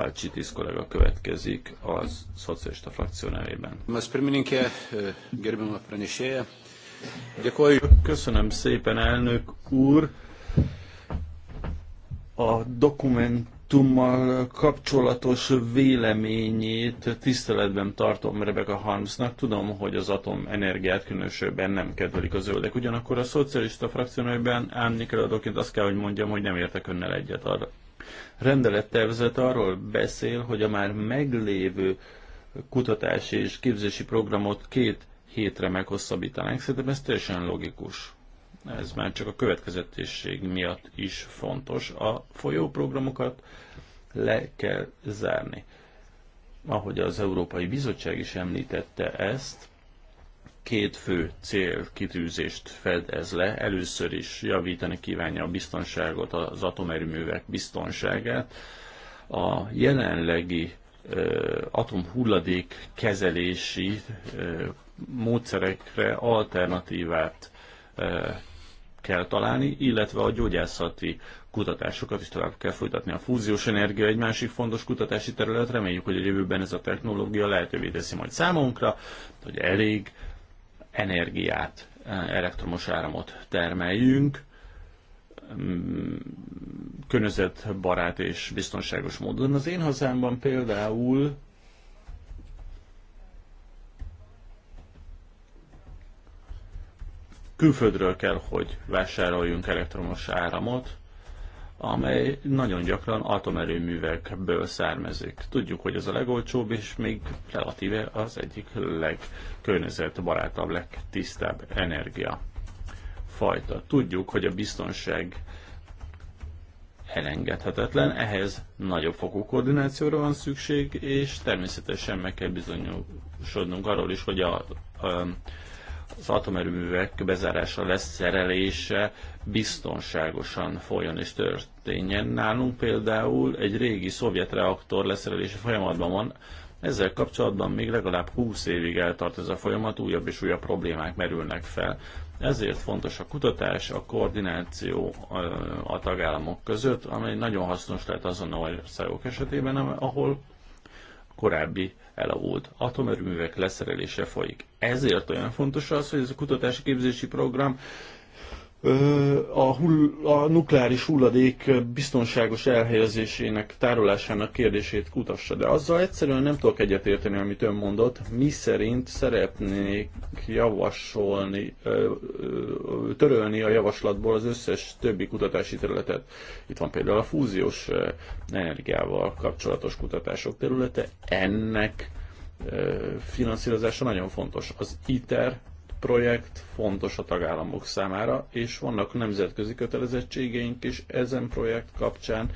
Balcsitis kollega következik az szocialista frakció nevében. E, Köszönöm szépen, elnök úr! A dokumentummal kapcsolatos véleményét tiszteletben tartom Rebecca Harmsnak. Tudom, hogy az atomenergiát különösebben nem kedvelik a zöldek. Ugyanakkor a szocialista frakciónőben árnyékeladóként azt kell, hogy mondjam, hogy nem értek önnel egyet rendelettervezet arról beszél, hogy a már meglévő kutatási és képzési programot két hétre meghosszabbítanánk. Szerintem ez teljesen logikus. Ez már csak a következetesség miatt is fontos. A folyóprogramokat le kell zárni. Ahogy az Európai Bizottság is említette ezt, két fő célkitűzést fedez le. Először is javítani kívánja a biztonságot, az atomerőművek biztonságát. A jelenlegi atomhulladék kezelési módszerekre alternatívát kell találni, illetve a gyógyászati kutatásokat is tovább kell folytatni. A fúziós energia egy másik fontos kutatási terület, reméljük, hogy a jövőben ez a technológia lehetővé teszi majd számunkra, hogy elég energiát, elektromos áramot termeljünk, környezetbarát és biztonságos módon. Az én hazámban például külföldről kell, hogy vásároljunk elektromos áramot, amely nagyon gyakran atomerőművekből származik. Tudjuk, hogy ez a legolcsóbb, és még relatíve az egyik legkörnyezetbarátabb, legtisztább energia fajta. Tudjuk, hogy a biztonság elengedhetetlen, ehhez nagyobb fokú koordinációra van szükség, és természetesen meg kell bizonyosodnunk arról is, hogy a, a az atomerőművek bezárása, szerelése biztonságosan folyjon és történjen. Nálunk például egy régi szovjet reaktor leszerelése folyamatban van, ezzel kapcsolatban még legalább 20 évig eltart ez a folyamat, újabb és újabb problémák merülnek fel. Ezért fontos a kutatás, a koordináció a tagállamok között, amely nagyon hasznos lehet azon országok esetében, ahol korábbi elavult atomerőművek leszerelése folyik. Ezért olyan fontos az, hogy ez a kutatási képzési program a, hull, a nukleáris hulladék biztonságos elhelyezésének, tárolásának kérdését kutassa, de azzal egyszerűen nem tudok egyetérteni, amit ön mondott, mi szerint szeretnék javasolni, törölni a javaslatból az összes többi kutatási területet. Itt van például a fúziós energiával kapcsolatos kutatások területe, ennek finanszírozása nagyon fontos. Az ITER projekt fontos a tagállamok számára, és vannak nemzetközi kötelezettségeink is ezen projekt kapcsán.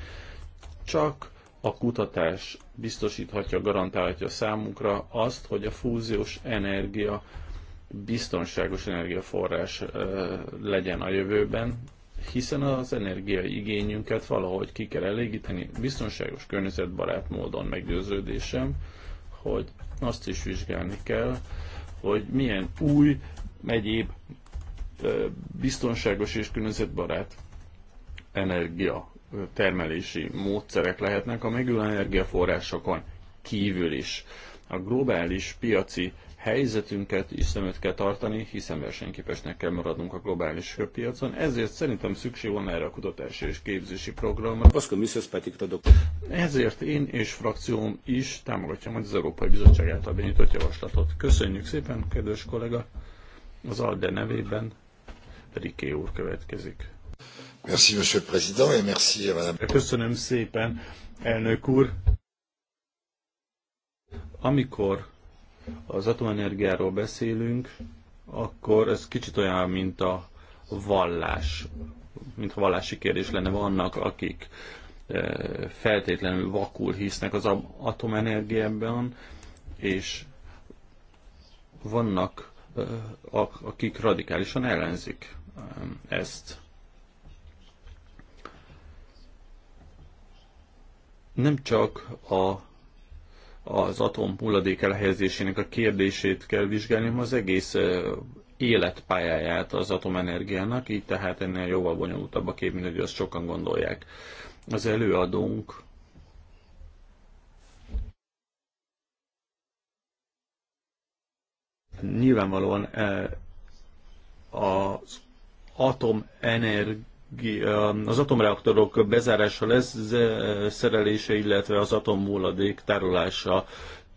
Csak a kutatás biztosíthatja, garantálhatja számunkra azt, hogy a fúziós energia biztonságos energiaforrás legyen a jövőben, hiszen az energiai igényünket valahogy ki kell elégíteni biztonságos környezetbarát módon meggyőződésem, hogy azt is vizsgálni kell, hogy milyen új egyéb biztonságos és környezetbarát energia termelési módszerek lehetnek a megülő energiaforrásokon kívül is. A globális piaci helyzetünket is szemet kell tartani, hiszen versenyképesnek kell maradnunk a globális piacon, ezért szerintem szükség van erre a kutatási és képzési programra. Ezért én és frakcióm is támogatja majd az Európai Bizottság által benyújtott javaslatot. Köszönjük szépen, kedves kollega! Az ALDE nevében Riké úr következik. Merci, monsieur le président, et merci, madame. Köszönöm szépen, elnök úr. Amikor az atomenergiáról beszélünk, akkor ez kicsit olyan, mint a vallás, mint a vallási kérdés lenne. Vannak, akik e, feltétlenül vakul hisznek az atomenergiában, és vannak akik radikálisan ellenzik um, ezt. Nem csak a, az atom hulladék elhelyezésének a kérdését kell vizsgálni, hanem az egész életpályáját az atomenergiának, így tehát ennél jóval bonyolultabb a kép, mint hogy azt sokan gondolják. Az előadónk Nyilvánvalóan eh, az atomenergia eh, az atomreaktorok bezárása lesz eh, szerelése, illetve az atomhulladék tárolása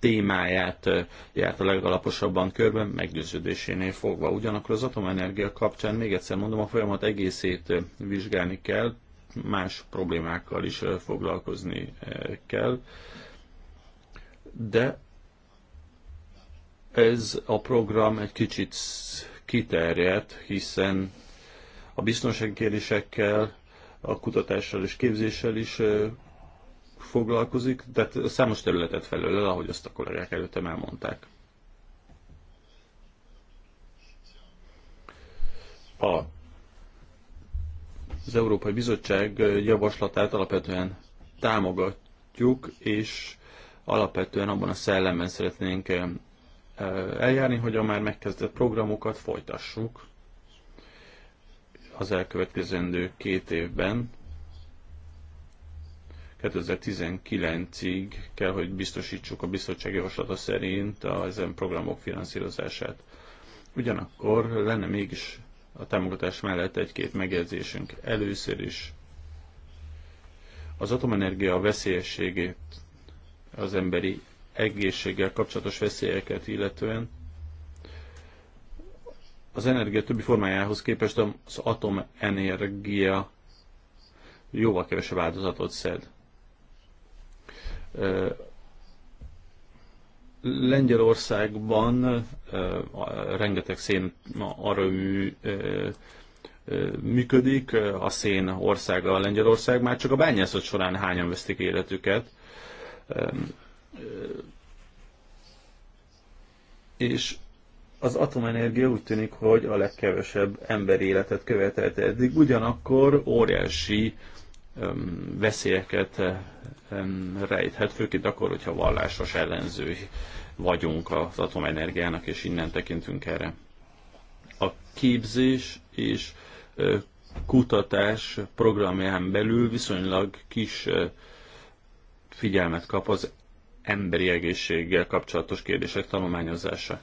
témáját járt a legalaposabban körben, meggyőződésénél fogva. Ugyanakkor az atomenergia kapcsán még egyszer mondom, a folyamat egészét vizsgálni kell, más problémákkal is foglalkozni kell, de ez a program egy kicsit kiterjedt, hiszen a biztonsági kérdésekkel, a kutatással és képzéssel is foglalkozik, de számos területet felől, ahogy azt a kollégák előttem elmondták. A, az Európai Bizottság javaslatát alapvetően támogatjuk, és alapvetően abban a szellemben szeretnénk eljárni, hogy a már megkezdett programokat folytassuk az elkövetkezendő két évben. 2019-ig kell, hogy biztosítsuk a bizottság javaslata szerint a ezen programok finanszírozását. Ugyanakkor lenne mégis a támogatás mellett egy-két megjegyzésünk. Először is az atomenergia veszélyességét az emberi egészséggel kapcsolatos veszélyeket illetően az energia többi formájához képest az atomenergia jóval kevesebb áldozatot szed. Lengyelországban rengeteg szén arra működik, a szén országa a Lengyelország, már csak a bányászat során hányan vesztik életüket és az atomenergia úgy tűnik, hogy a legkevesebb ember életet követelte eddig, ugyanakkor óriási öm, veszélyeket öm, rejthet, főként akkor, hogyha vallásos ellenzői vagyunk az atomenergiának, és innen tekintünk erre. A képzés és ö, kutatás programján belül viszonylag kis ö, figyelmet kap az emberi egészséggel kapcsolatos kérdések tanulmányozása.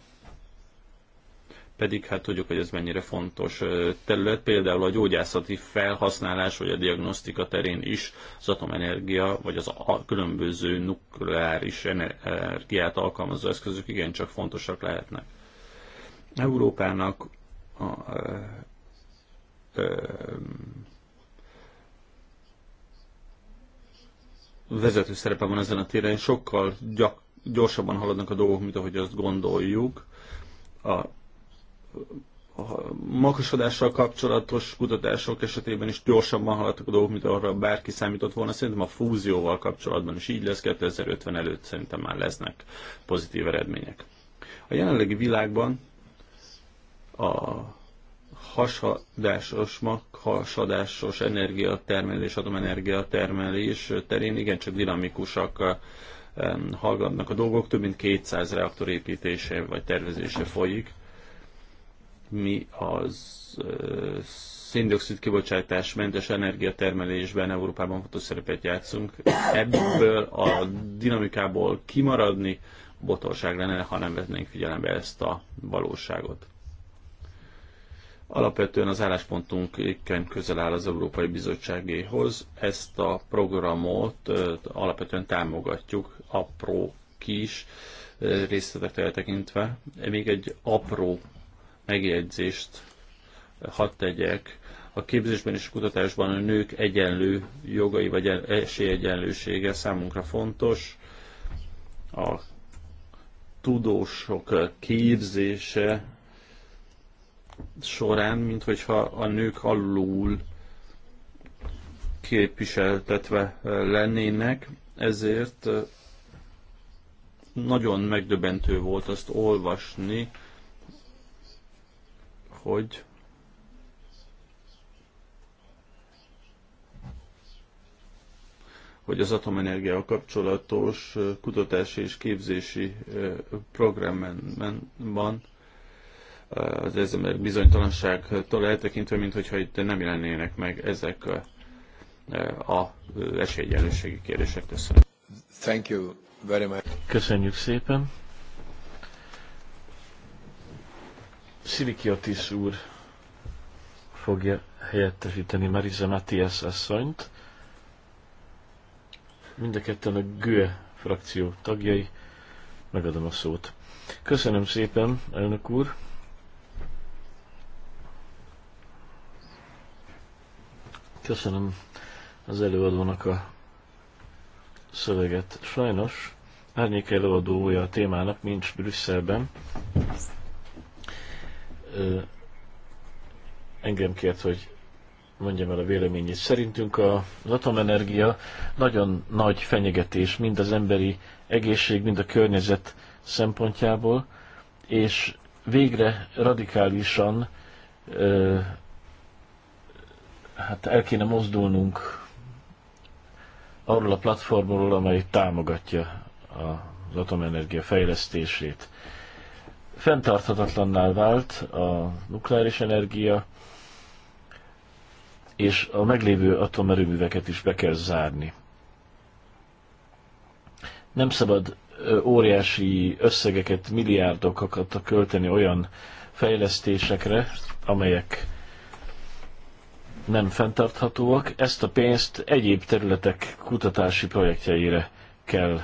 Pedig hát tudjuk, hogy ez mennyire fontos terület, például a gyógyászati felhasználás vagy a diagnosztika terén is az atomenergia vagy az a különböző nukleáris energiát alkalmazó eszközök igencsak fontosak lehetnek. Európának a, a, a, vezető szerepe van ezen a téren, sokkal gyak, gyorsabban haladnak a dolgok, mint ahogy azt gondoljuk. A, a makasodással kapcsolatos kutatások esetében is gyorsabban haladtak a dolgok, mint arra bárki számított volna. Szerintem a fúzióval kapcsolatban is így lesz, 2050 előtt szerintem már lesznek pozitív eredmények. A jelenlegi világban a hasadásos, hasadásos energiatermelés, termelés terén igencsak dinamikusak eh, hallgatnak a dolgok, több mint 200 reaktor építése vagy tervezése folyik. Mi az eh, széndiokszid kibocsátás mentes energiatermelésben Európában fontos szerepet játszunk. Ebből a dinamikából kimaradni botorság lenne, ha nem vetnénk figyelembe ezt a valóságot. Alapvetően az álláspontunk éppen közel áll az Európai Bizottságéhoz. Ezt a programot alapvetően támogatjuk, apró, kis részletek eltekintve. Még egy apró megjegyzést hadd tegyek. A képzésben és a kutatásban a nők egyenlő jogai vagy esélyegyenlősége számunkra fontos. A tudósok képzése során, mint hogyha a nők alul képviseltetve lennének, ezért nagyon megdöbentő volt azt olvasni, hogy hogy az atomenergia kapcsolatos kutatási és képzési programban az ezemek bizonytalanságtól eltekintve, mint hogyha itt nem jelennének meg ezek a, esélyegyenlőségi kérdések. Köszönöm. Thank you very much. Köszönjük szépen. Otis úr fogja helyettesíteni Marisa Matthias asszonyt. Mind a ketten a GÜE frakció tagjai. Megadom a szót. Köszönöm szépen, elnök úr. Köszönöm az előadónak a szöveget. Sajnos árnyék előadója a témának nincs Brüsszelben. Ö, engem kért, hogy mondjam el a véleményét. Szerintünk az atomenergia nagyon nagy fenyegetés, mind az emberi egészség, mind a környezet szempontjából, és végre radikálisan ö, hát el kéne mozdulnunk arról a platformról, amely támogatja az atomenergia fejlesztését. Fentarthatatlanná vált a nukleáris energia, és a meglévő atomerőműveket is be kell zárni. Nem szabad óriási összegeket, milliárdokat költeni olyan fejlesztésekre, amelyek nem fenntarthatóak, ezt a pénzt egyéb területek kutatási projektjeire kell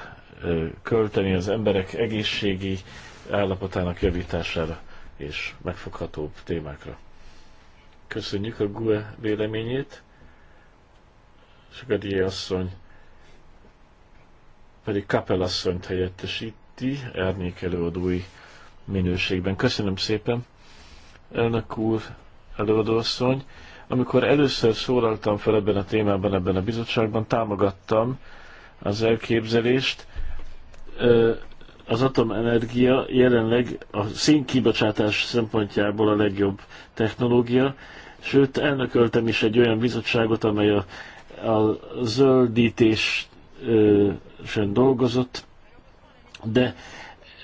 költeni az emberek egészségi állapotának javítására és megfoghatóbb témákra. Köszönjük a GUE véleményét. a Gadié asszony pedig Kapel asszonyt helyettesíti, Ernék előadói minőségben. Köszönöm szépen, elnök úr, asszony. Amikor először szólaltam fel ebben a témában, ebben a bizottságban, támogattam az elképzelést. Az atomenergia jelenleg a színkibocsátás szempontjából a legjobb technológia, sőt elnököltem is egy olyan bizottságot, amely a, a zöldítésen dolgozott, de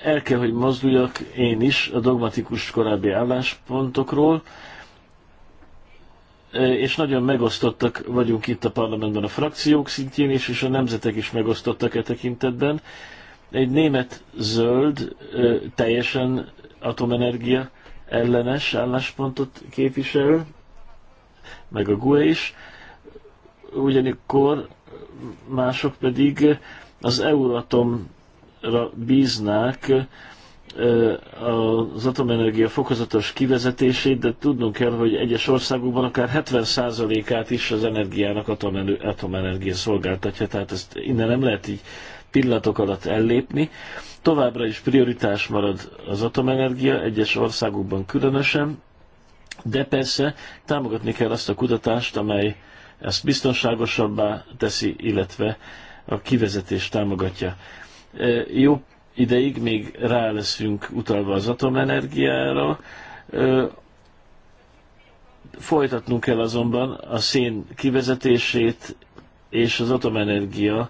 el kell, hogy mozduljak én is a dogmatikus korábbi álláspontokról, és nagyon megosztottak vagyunk itt a parlamentben a frakciók szintjén is, és a nemzetek is megosztottak e tekintetben. Egy német zöld teljesen atomenergia ellenes álláspontot képvisel, meg a GUE is, ugyanikkor mások pedig az Euratomra bíznák az atomenergia fokozatos kivezetését, de tudnunk kell, hogy egyes országokban akár 70%-át is az energiának atomenergia szolgáltatja, tehát ezt innen nem lehet így pillanatok alatt ellépni. Továbbra is prioritás marad az atomenergia, egyes országokban különösen, de persze támogatni kell azt a kutatást, amely ezt biztonságosabbá teszi, illetve a kivezetést támogatja. Jó ideig még rá leszünk utalva az atomenergiára. Folytatnunk kell azonban a szén kivezetését és az atomenergia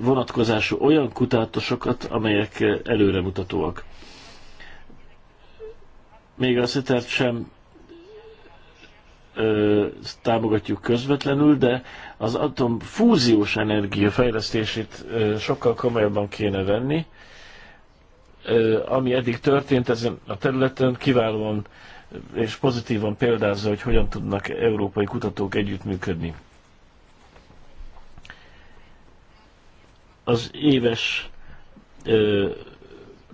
vonatkozású olyan kutatásokat, amelyek előremutatóak. Még a szetert sem támogatjuk közvetlenül, de az atom fúziós energia fejlesztését sokkal komolyabban kéne venni. Ami eddig történt ezen a területen, kiválóan és pozitívan példázza, hogy hogyan tudnak európai kutatók együttműködni. Az éves ö,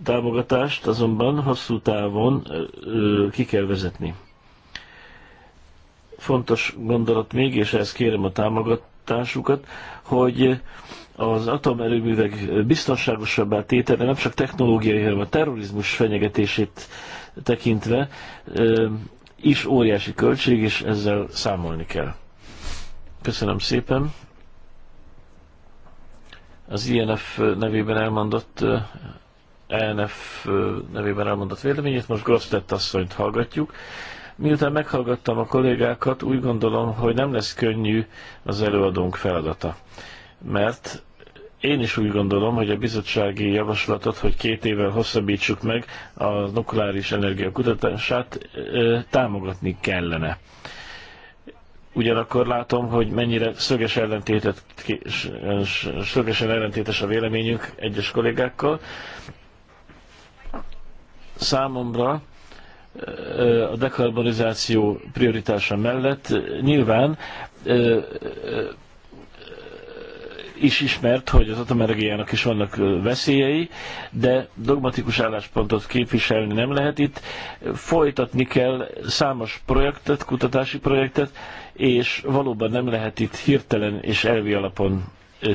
támogatást azonban hosszú távon ö, ki kell vezetni fontos gondolat még, és ehhez kérem a támogatásukat, hogy az atomerőművek biztonságosabbá tétele nem csak technológiai, hanem a terrorizmus fenyegetését tekintve is óriási költség, és ezzel számolni kell. Köszönöm szépen. Az INF nevében elmondott ENF nevében elmondott véleményét, most Grosztett asszonyt hallgatjuk. Miután meghallgattam a kollégákat, úgy gondolom, hogy nem lesz könnyű az előadónk feladata. Mert én is úgy gondolom, hogy a bizottsági javaslatot, hogy két évvel hosszabbítsuk meg a nukleáris energia kutatását, támogatni kellene. Ugyanakkor látom, hogy mennyire szöges ellentétet, szögesen ellentétes a véleményünk egyes kollégákkal. Számomra a dekarbonizáció prioritása mellett nyilván is ismert, hogy az atomenergiának is vannak veszélyei, de dogmatikus álláspontot képviselni nem lehet itt. Folytatni kell számos projektet, kutatási projektet, és valóban nem lehet itt hirtelen és elvi alapon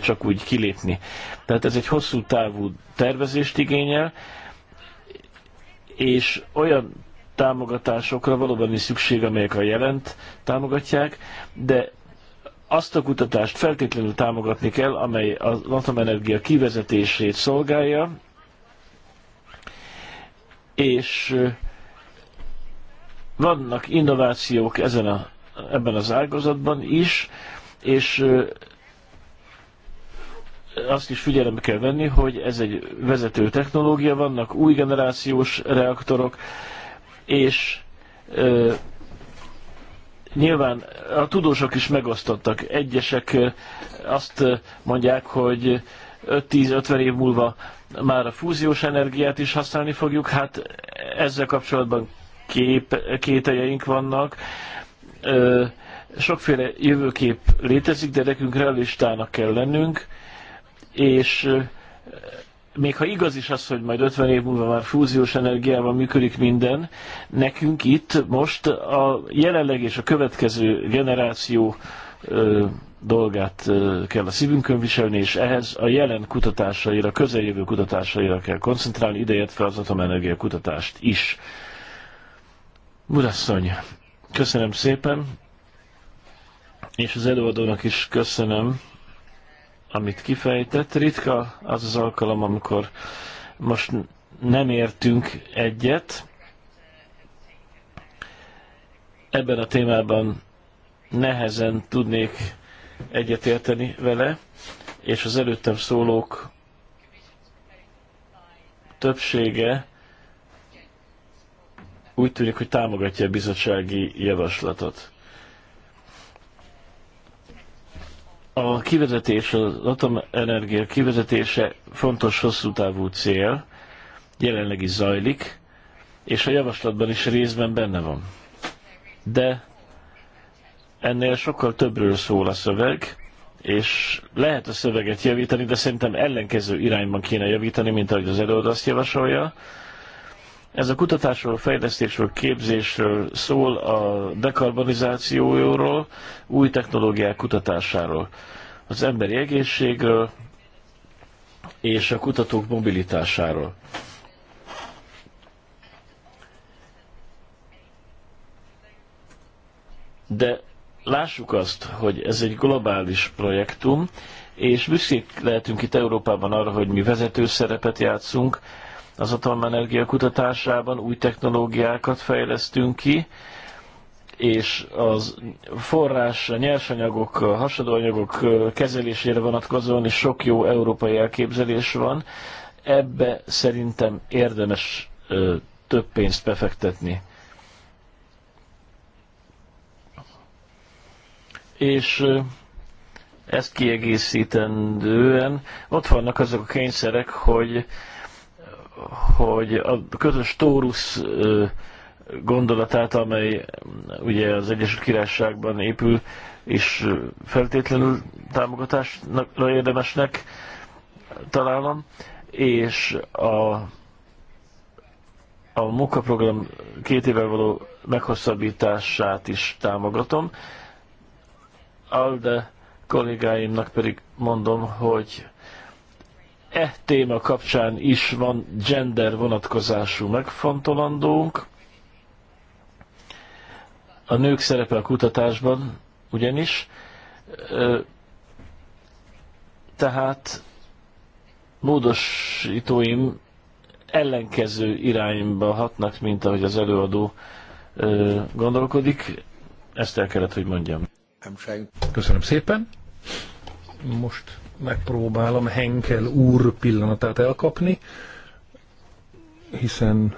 csak úgy kilépni. Tehát ez egy hosszú távú tervezést igényel, és olyan támogatásokra valóban is szükség, amelyek a jelent támogatják, de azt a kutatást feltétlenül támogatni kell, amely az atomenergia kivezetését szolgálja, és vannak innovációk ezen a, ebben az ágazatban is, és azt is figyelembe kell venni, hogy ez egy vezető technológia, vannak új generációs reaktorok, és ö, nyilván a tudósok is megosztottak. Egyesek azt mondják, hogy 5-10-50 év múlva már a fúziós energiát is használni fogjuk, hát ezzel kapcsolatban kép, kételjeink vannak. Ö, sokféle jövőkép létezik, de nekünk realistának kell lennünk, és még ha igaz is az, hogy majd 50 év múlva már fúziós energiával működik minden, nekünk itt most a jelenleg és a következő generáció ö, dolgát ö, kell a szívünkön viselni, és ehhez a jelen kutatásaira, közeljövő kutatásaira kell koncentrálni, ideértve az atomenergia kutatást is. Urasszony, köszönöm szépen, és az előadónak is köszönöm amit kifejtett. Ritka az az alkalom, amikor most nem értünk egyet. Ebben a témában nehezen tudnék egyetérteni vele, és az előttem szólók többsége úgy tűnik, hogy támogatja a bizottsági javaslatot. A kivezetés, az atomenergia kivezetése fontos hosszú távú cél, jelenleg is zajlik, és a javaslatban is részben benne van. De ennél sokkal többről szól a szöveg, és lehet a szöveget javítani, de szerintem ellenkező irányban kéne javítani, mint ahogy az előadó azt javasolja ez a kutatásról, fejlesztésről, képzésről szól, a dekarbonizációról, új technológiák kutatásáról, az emberi egészségről és a kutatók mobilitásáról. De lássuk azt, hogy ez egy globális projektum, és büszkék lehetünk itt Európában arra, hogy mi vezető szerepet játszunk, az atomenergia kutatásában, új technológiákat fejlesztünk ki, és az forrás, a nyersanyagok, a hasadóanyagok kezelésére vonatkozóan is sok jó európai elképzelés van. Ebbe szerintem érdemes több pénzt befektetni. És ezt kiegészítendően ott vannak azok a kényszerek, hogy hogy a közös tórusz gondolatát, amely mm, ugye az Egyesült Királyságban épül, és feltétlenül támogatásra érdemesnek találom, és a, a munkaprogram két évvel való meghosszabbítását is támogatom. Alde kollégáimnak pedig mondom, hogy e téma kapcsán is van gender vonatkozású megfontolandónk. A nők szerepe a kutatásban ugyanis. Tehát módosítóim ellenkező irányba hatnak, mint ahogy az előadó gondolkodik. Ezt el kellett, hogy mondjam. Köszönöm szépen. Most megpróbálom Henkel úr pillanatát elkapni, hiszen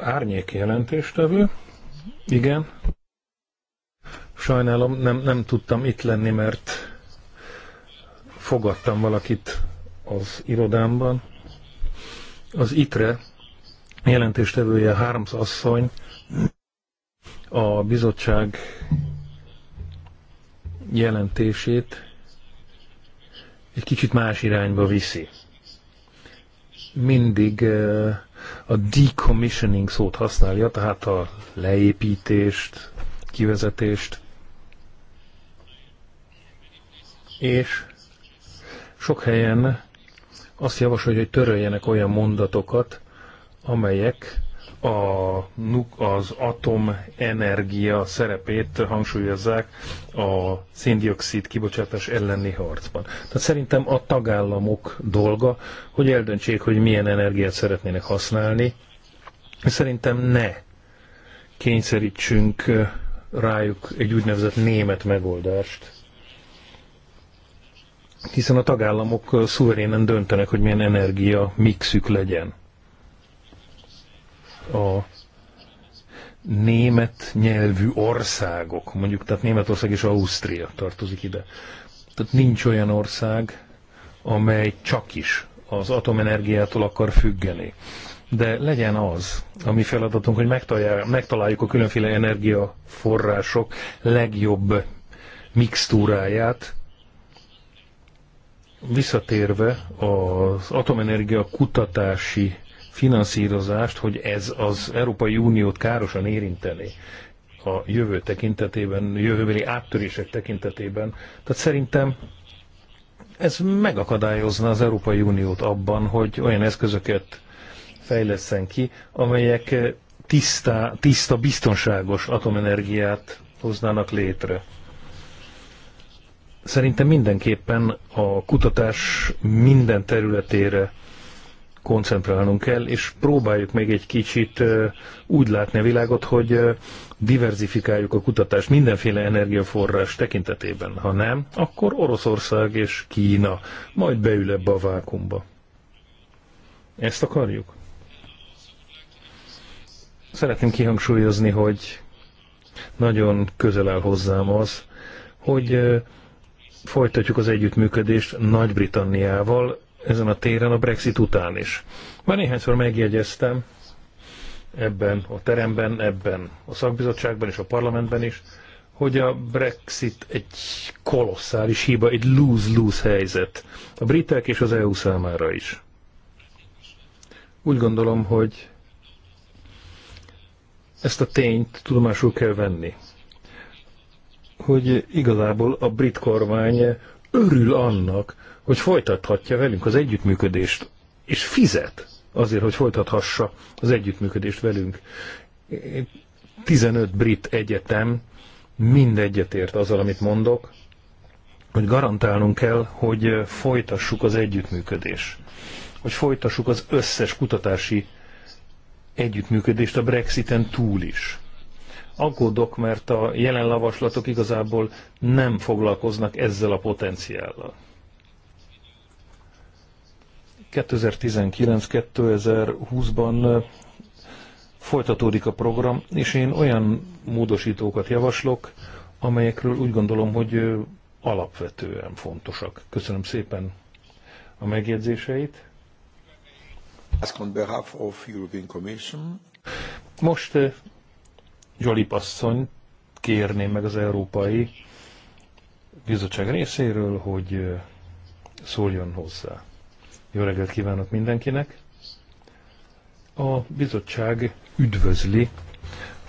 árnyék jelentéstevő. Igen. Sajnálom, nem, nem tudtam itt lenni, mert fogadtam valakit az irodámban. Az ITRE jelentéstevője Hárms asszony a bizottság jelentését egy kicsit más irányba viszi. Mindig a decommissioning szót használja, tehát a leépítést, kivezetést. És sok helyen azt javasolja, hogy töröljenek olyan mondatokat, amelyek a, az atomenergia szerepét hangsúlyozzák a széndiokszid kibocsátás elleni harcban. Tehát szerintem a tagállamok dolga, hogy eldöntsék, hogy milyen energiát szeretnének használni, és szerintem ne kényszerítsünk rájuk egy úgynevezett német megoldást, hiszen a tagállamok szuverénen döntenek, hogy milyen energia mixük legyen a német nyelvű országok, mondjuk, tehát Németország és Ausztria tartozik ide. Tehát nincs olyan ország, amely csak is az atomenergiától akar függeni. De legyen az a mi feladatunk, hogy megtaláljuk a különféle energiaforrások legjobb mixtúráját, visszatérve az atomenergia kutatási finanszírozást, hogy ez az Európai Uniót károsan érinteni a jövő tekintetében, jövőbeli áttörések tekintetében. Tehát szerintem ez megakadályozna az Európai Uniót abban, hogy olyan eszközöket fejleszten ki, amelyek tiszta, tiszta biztonságos atomenergiát hoznának létre. Szerintem mindenképpen a kutatás minden területére koncentrálnunk kell, és próbáljuk meg egy kicsit úgy látni a világot, hogy diverzifikáljuk a kutatást mindenféle energiaforrás tekintetében. Ha nem, akkor Oroszország és Kína majd beül ebbe a vákumba. Ezt akarjuk? Szeretném kihangsúlyozni, hogy nagyon közel áll hozzám az, hogy folytatjuk az együttműködést Nagy-Britanniával ezen a téren a Brexit után is. Már néhányszor megjegyeztem ebben a teremben, ebben a szakbizottságban és a parlamentben is, hogy a Brexit egy kolosszális hiba, egy lose-lose helyzet. A britek és az EU számára is. Úgy gondolom, hogy ezt a tényt tudomásul kell venni, hogy igazából a brit kormány örül annak, hogy folytathatja velünk az együttműködést, és fizet azért, hogy folytathassa az együttműködést velünk. 15 brit egyetem mind egyetért azzal, amit mondok, hogy garantálnunk kell, hogy folytassuk az együttműködést. Hogy folytassuk az összes kutatási együttműködést a Brexiten túl is. Aggódok, mert a jelen lavaslatok igazából nem foglalkoznak ezzel a potenciállal. 2019-2020-ban folytatódik a program, és én olyan módosítókat javaslok, amelyekről úgy gondolom, hogy alapvetően fontosak. Köszönöm szépen a megjegyzéseit. Most Jolly Passzony kérném meg az Európai Bizottság részéről, hogy szóljon hozzá. Jó reggelt kívánok mindenkinek! A bizottság üdvözli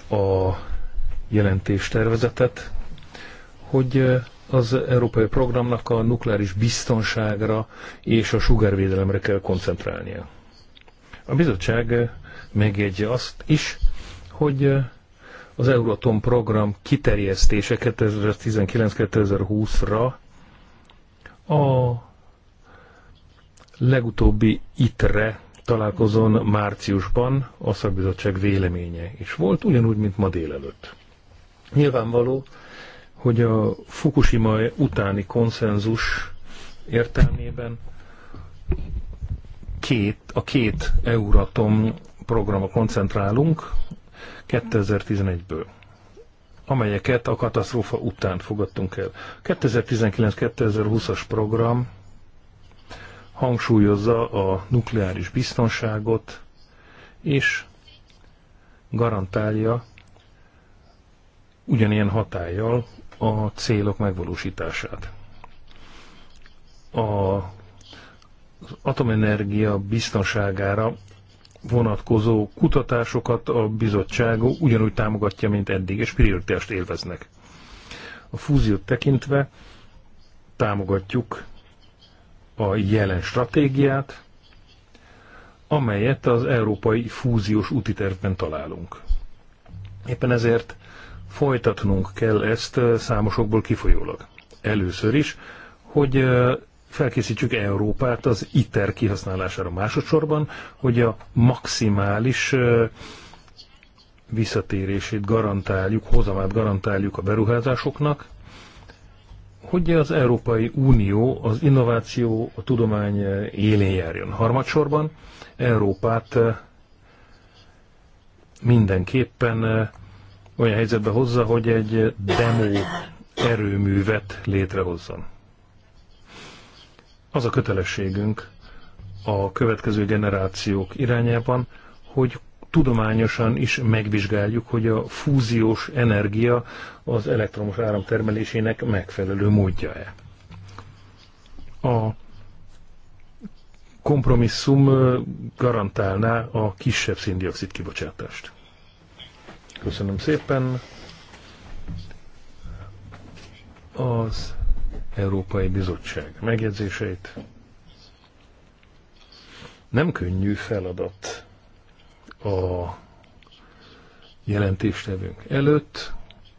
a jelentéstervezetet, hogy az európai programnak a nukleáris biztonságra és a sugárvédelemre kell koncentrálnia. A bizottság megjegyzi azt is, hogy az Euratom program kiterjesztése 2019-2020-ra a legutóbbi ITRE találkozón márciusban a szakbizottság véleménye is volt, ugyanúgy, mint ma délelőtt. Nyilvánvaló, hogy a Fukushima utáni konszenzus értelmében két, a két Euratom programra koncentrálunk 2011-ből amelyeket a katasztrófa után fogadtunk el. 2019-2020-as program hangsúlyozza a nukleáris biztonságot, és garantálja ugyanilyen hatállyal a célok megvalósítását. A az atomenergia biztonságára vonatkozó kutatásokat a bizottság ugyanúgy támogatja, mint eddig, és prioritást élveznek. A fúziót tekintve támogatjuk a jelen stratégiát, amelyet az európai fúziós útitervben találunk. Éppen ezért folytatnunk kell ezt számosokból kifolyólag. Először is, hogy felkészítsük Európát az ITER kihasználására másodszorban, hogy a maximális visszatérését garantáljuk, hozamát garantáljuk a beruházásoknak, hogy az Európai Unió az innováció, a tudomány élén járjon. Harmadsorban Európát eh, mindenképpen eh, olyan helyzetbe hozza, hogy egy demo erőművet létrehozzon. Az a kötelességünk a következő generációk irányában, hogy tudományosan is megvizsgáljuk, hogy a fúziós energia az elektromos áramtermelésének megfelelő módja-e. A kompromisszum garantálná a kisebb széndiokszid kibocsátást. Köszönöm szépen. Az Európai Bizottság megjegyzéseit. Nem könnyű feladat a jelentéstevünk előtt,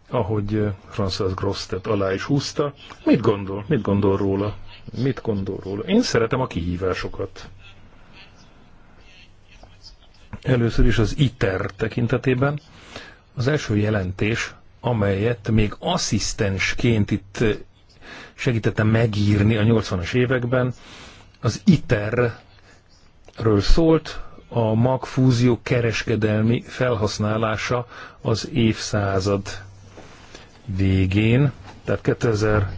ahogy Francis Grosztet alá is húzta. Mit gondol? Mit gondol róla? Mit gondol róla? Én szeretem a kihívásokat. Először is az ITER tekintetében. Az első jelentés, amelyet még asszisztensként itt segítettem megírni a 80-as években, az ITER-ről szólt, a magfúzió kereskedelmi felhasználása az évszázad végén, tehát 2000,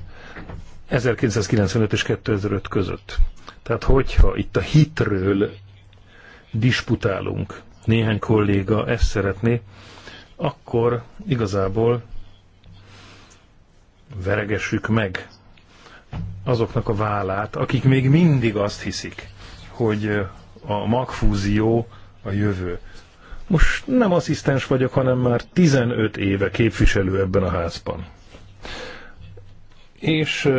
1995 és 2005 között. Tehát hogyha itt a hitről disputálunk, néhány kolléga ezt szeretné, akkor igazából veregessük meg azoknak a vállát, akik még mindig azt hiszik, hogy a magfúzió a jövő. Most nem asszisztens vagyok, hanem már 15 éve képviselő ebben a házban. És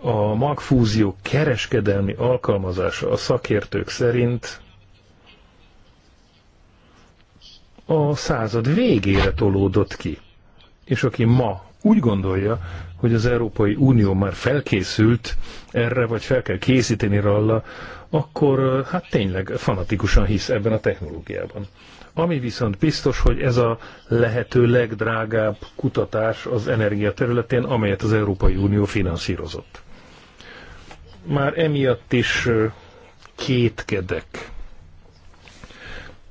a magfúzió kereskedelmi alkalmazása a szakértők szerint a század végére tolódott ki. És aki ma úgy gondolja, hogy az Európai Unió már felkészült erre, vagy fel kell készíteni róla akkor hát tényleg fanatikusan hisz ebben a technológiában. Ami viszont biztos, hogy ez a lehető legdrágább kutatás az energia területén, amelyet az Európai Unió finanszírozott. Már emiatt is kétkedek,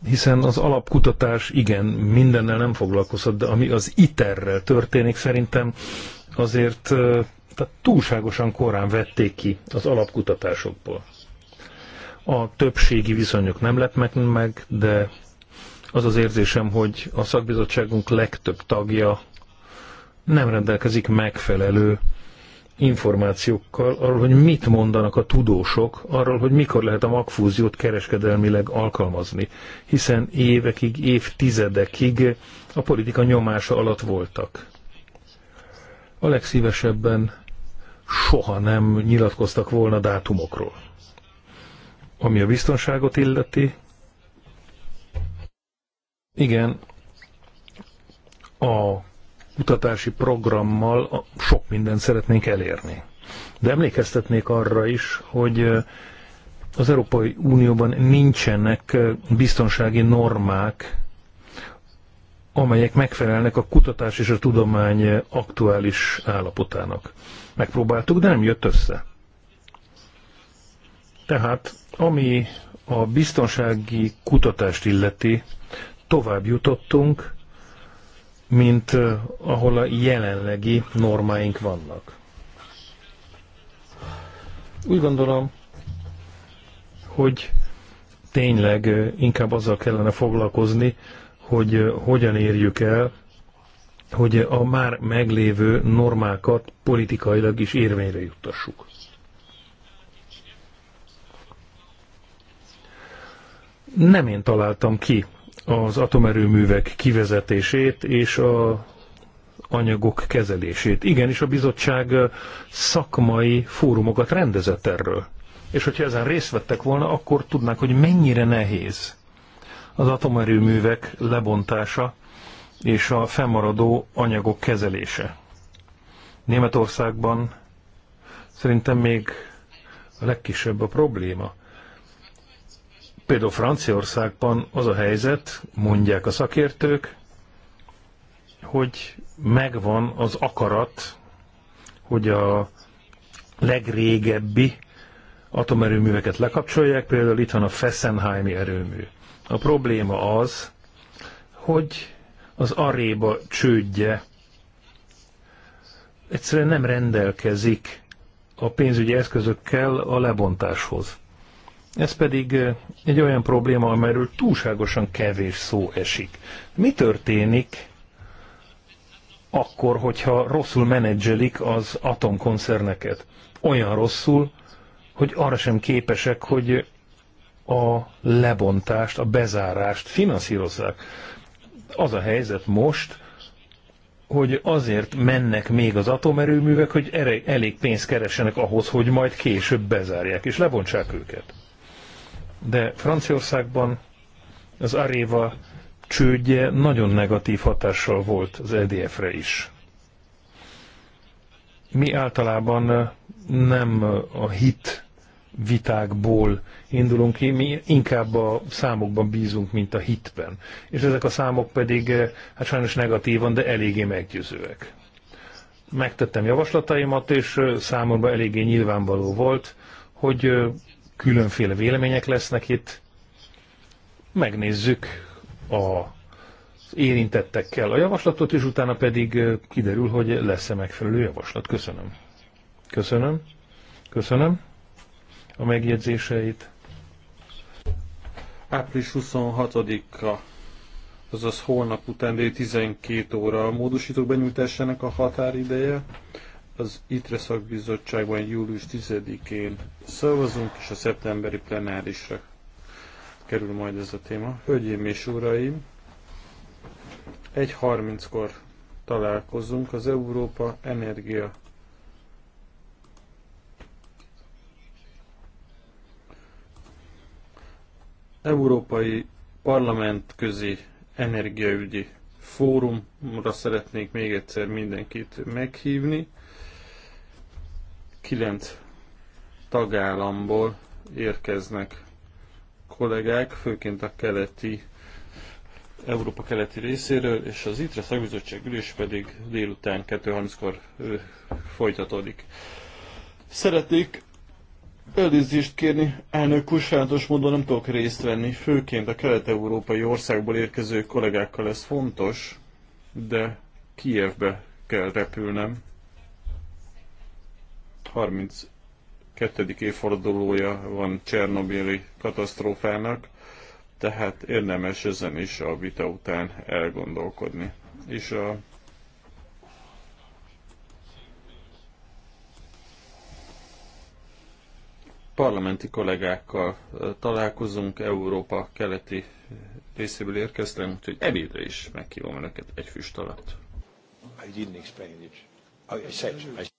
hiszen az alapkutatás igen, mindennel nem foglalkozott, de ami az ITER-rel történik, szerintem azért tehát túlságosan korán vették ki az alapkutatásokból. A többségi viszonyok nem lepnek meg, de az az érzésem, hogy a szakbizottságunk legtöbb tagja nem rendelkezik megfelelő információkkal arról, hogy mit mondanak a tudósok, arról, hogy mikor lehet a magfúziót kereskedelmileg alkalmazni, hiszen évekig, évtizedekig a politika nyomása alatt voltak. A legszívesebben soha nem nyilatkoztak volna dátumokról. Ami a biztonságot illeti, igen, a kutatási programmal sok mindent szeretnénk elérni. De emlékeztetnék arra is, hogy az Európai Unióban nincsenek biztonsági normák, amelyek megfelelnek a kutatás és a tudomány aktuális állapotának. Megpróbáltuk, de nem jött össze. Tehát ami a biztonsági kutatást illeti, tovább jutottunk, mint ahol a jelenlegi normáink vannak. Úgy gondolom, hogy tényleg inkább azzal kellene foglalkozni, hogy hogyan érjük el, hogy a már meglévő normákat politikailag is érvényre juttassuk. Nem én találtam ki az atomerőművek kivezetését és a anyagok kezelését. Igenis, a bizottság szakmai fórumokat rendezett erről. És hogyha ezen részt vettek volna, akkor tudnák, hogy mennyire nehéz az atomerőművek lebontása és a fennmaradó anyagok kezelése. Németországban szerintem még a legkisebb a probléma. Például Franciaországban az a helyzet, mondják a szakértők, hogy megvan az akarat, hogy a legrégebbi atomerőműveket lekapcsolják, például itt van a Fessenheimi erőmű. A probléma az, hogy az aréba csődje egyszerűen nem rendelkezik a pénzügyi eszközökkel a lebontáshoz. Ez pedig egy olyan probléma, amelyről túlságosan kevés szó esik. Mi történik akkor, hogyha rosszul menedzselik az atomkoncerneket? Olyan rosszul, hogy arra sem képesek, hogy a lebontást, a bezárást finanszírozzák. Az a helyzet most, hogy azért mennek még az atomerőművek, hogy elég pénzt keresenek ahhoz, hogy majd később bezárják és lebontsák őket de Franciaországban az Aréva csődje nagyon negatív hatással volt az EDF-re is. Mi általában nem a hit vitákból indulunk ki, mi inkább a számokban bízunk, mint a hitben. És ezek a számok pedig, hát sajnos negatívan, de eléggé meggyőzőek. Megtettem javaslataimat, és számomra eléggé nyilvánvaló volt, hogy különféle vélemények lesznek itt. Megnézzük a érintettekkel a javaslatot, és utána pedig kiderül, hogy lesz-e megfelelő javaslat. Köszönöm. Köszönöm. Köszönöm a megjegyzéseit. Április 26-a, azaz holnap után 12 óra a módosítók benyújtásának a határideje az ITRE szakbizottságban július 10-én szavazunk, és a szeptemberi plenárisra kerül majd ez a téma. Hölgyeim és uraim, 1.30-kor találkozunk az Európa Energia Európai Parlament közi energiaügyi fórumra szeretnék még egyszer mindenkit meghívni kilenc tagállamból érkeznek kollégák, főként a keleti Európa keleti részéről, és az ITRE szakbizottság ülés pedig délután 2.30-kor folytatódik. Szeretnék elnézést kérni, elnök úr, sajátos módon nem tudok részt venni, főként a kelet-európai országból érkező kollégákkal ez fontos, de Kijevbe kell repülnem. 32. évfordulója van Csernobili katasztrófának, tehát érdemes ezen is a vita után elgondolkodni. És a parlamenti kollégákkal találkozunk, Európa keleti részéből érkeztem, úgyhogy ebédre is meghívom önöket egy füst alatt. I didn't explain it. I said, I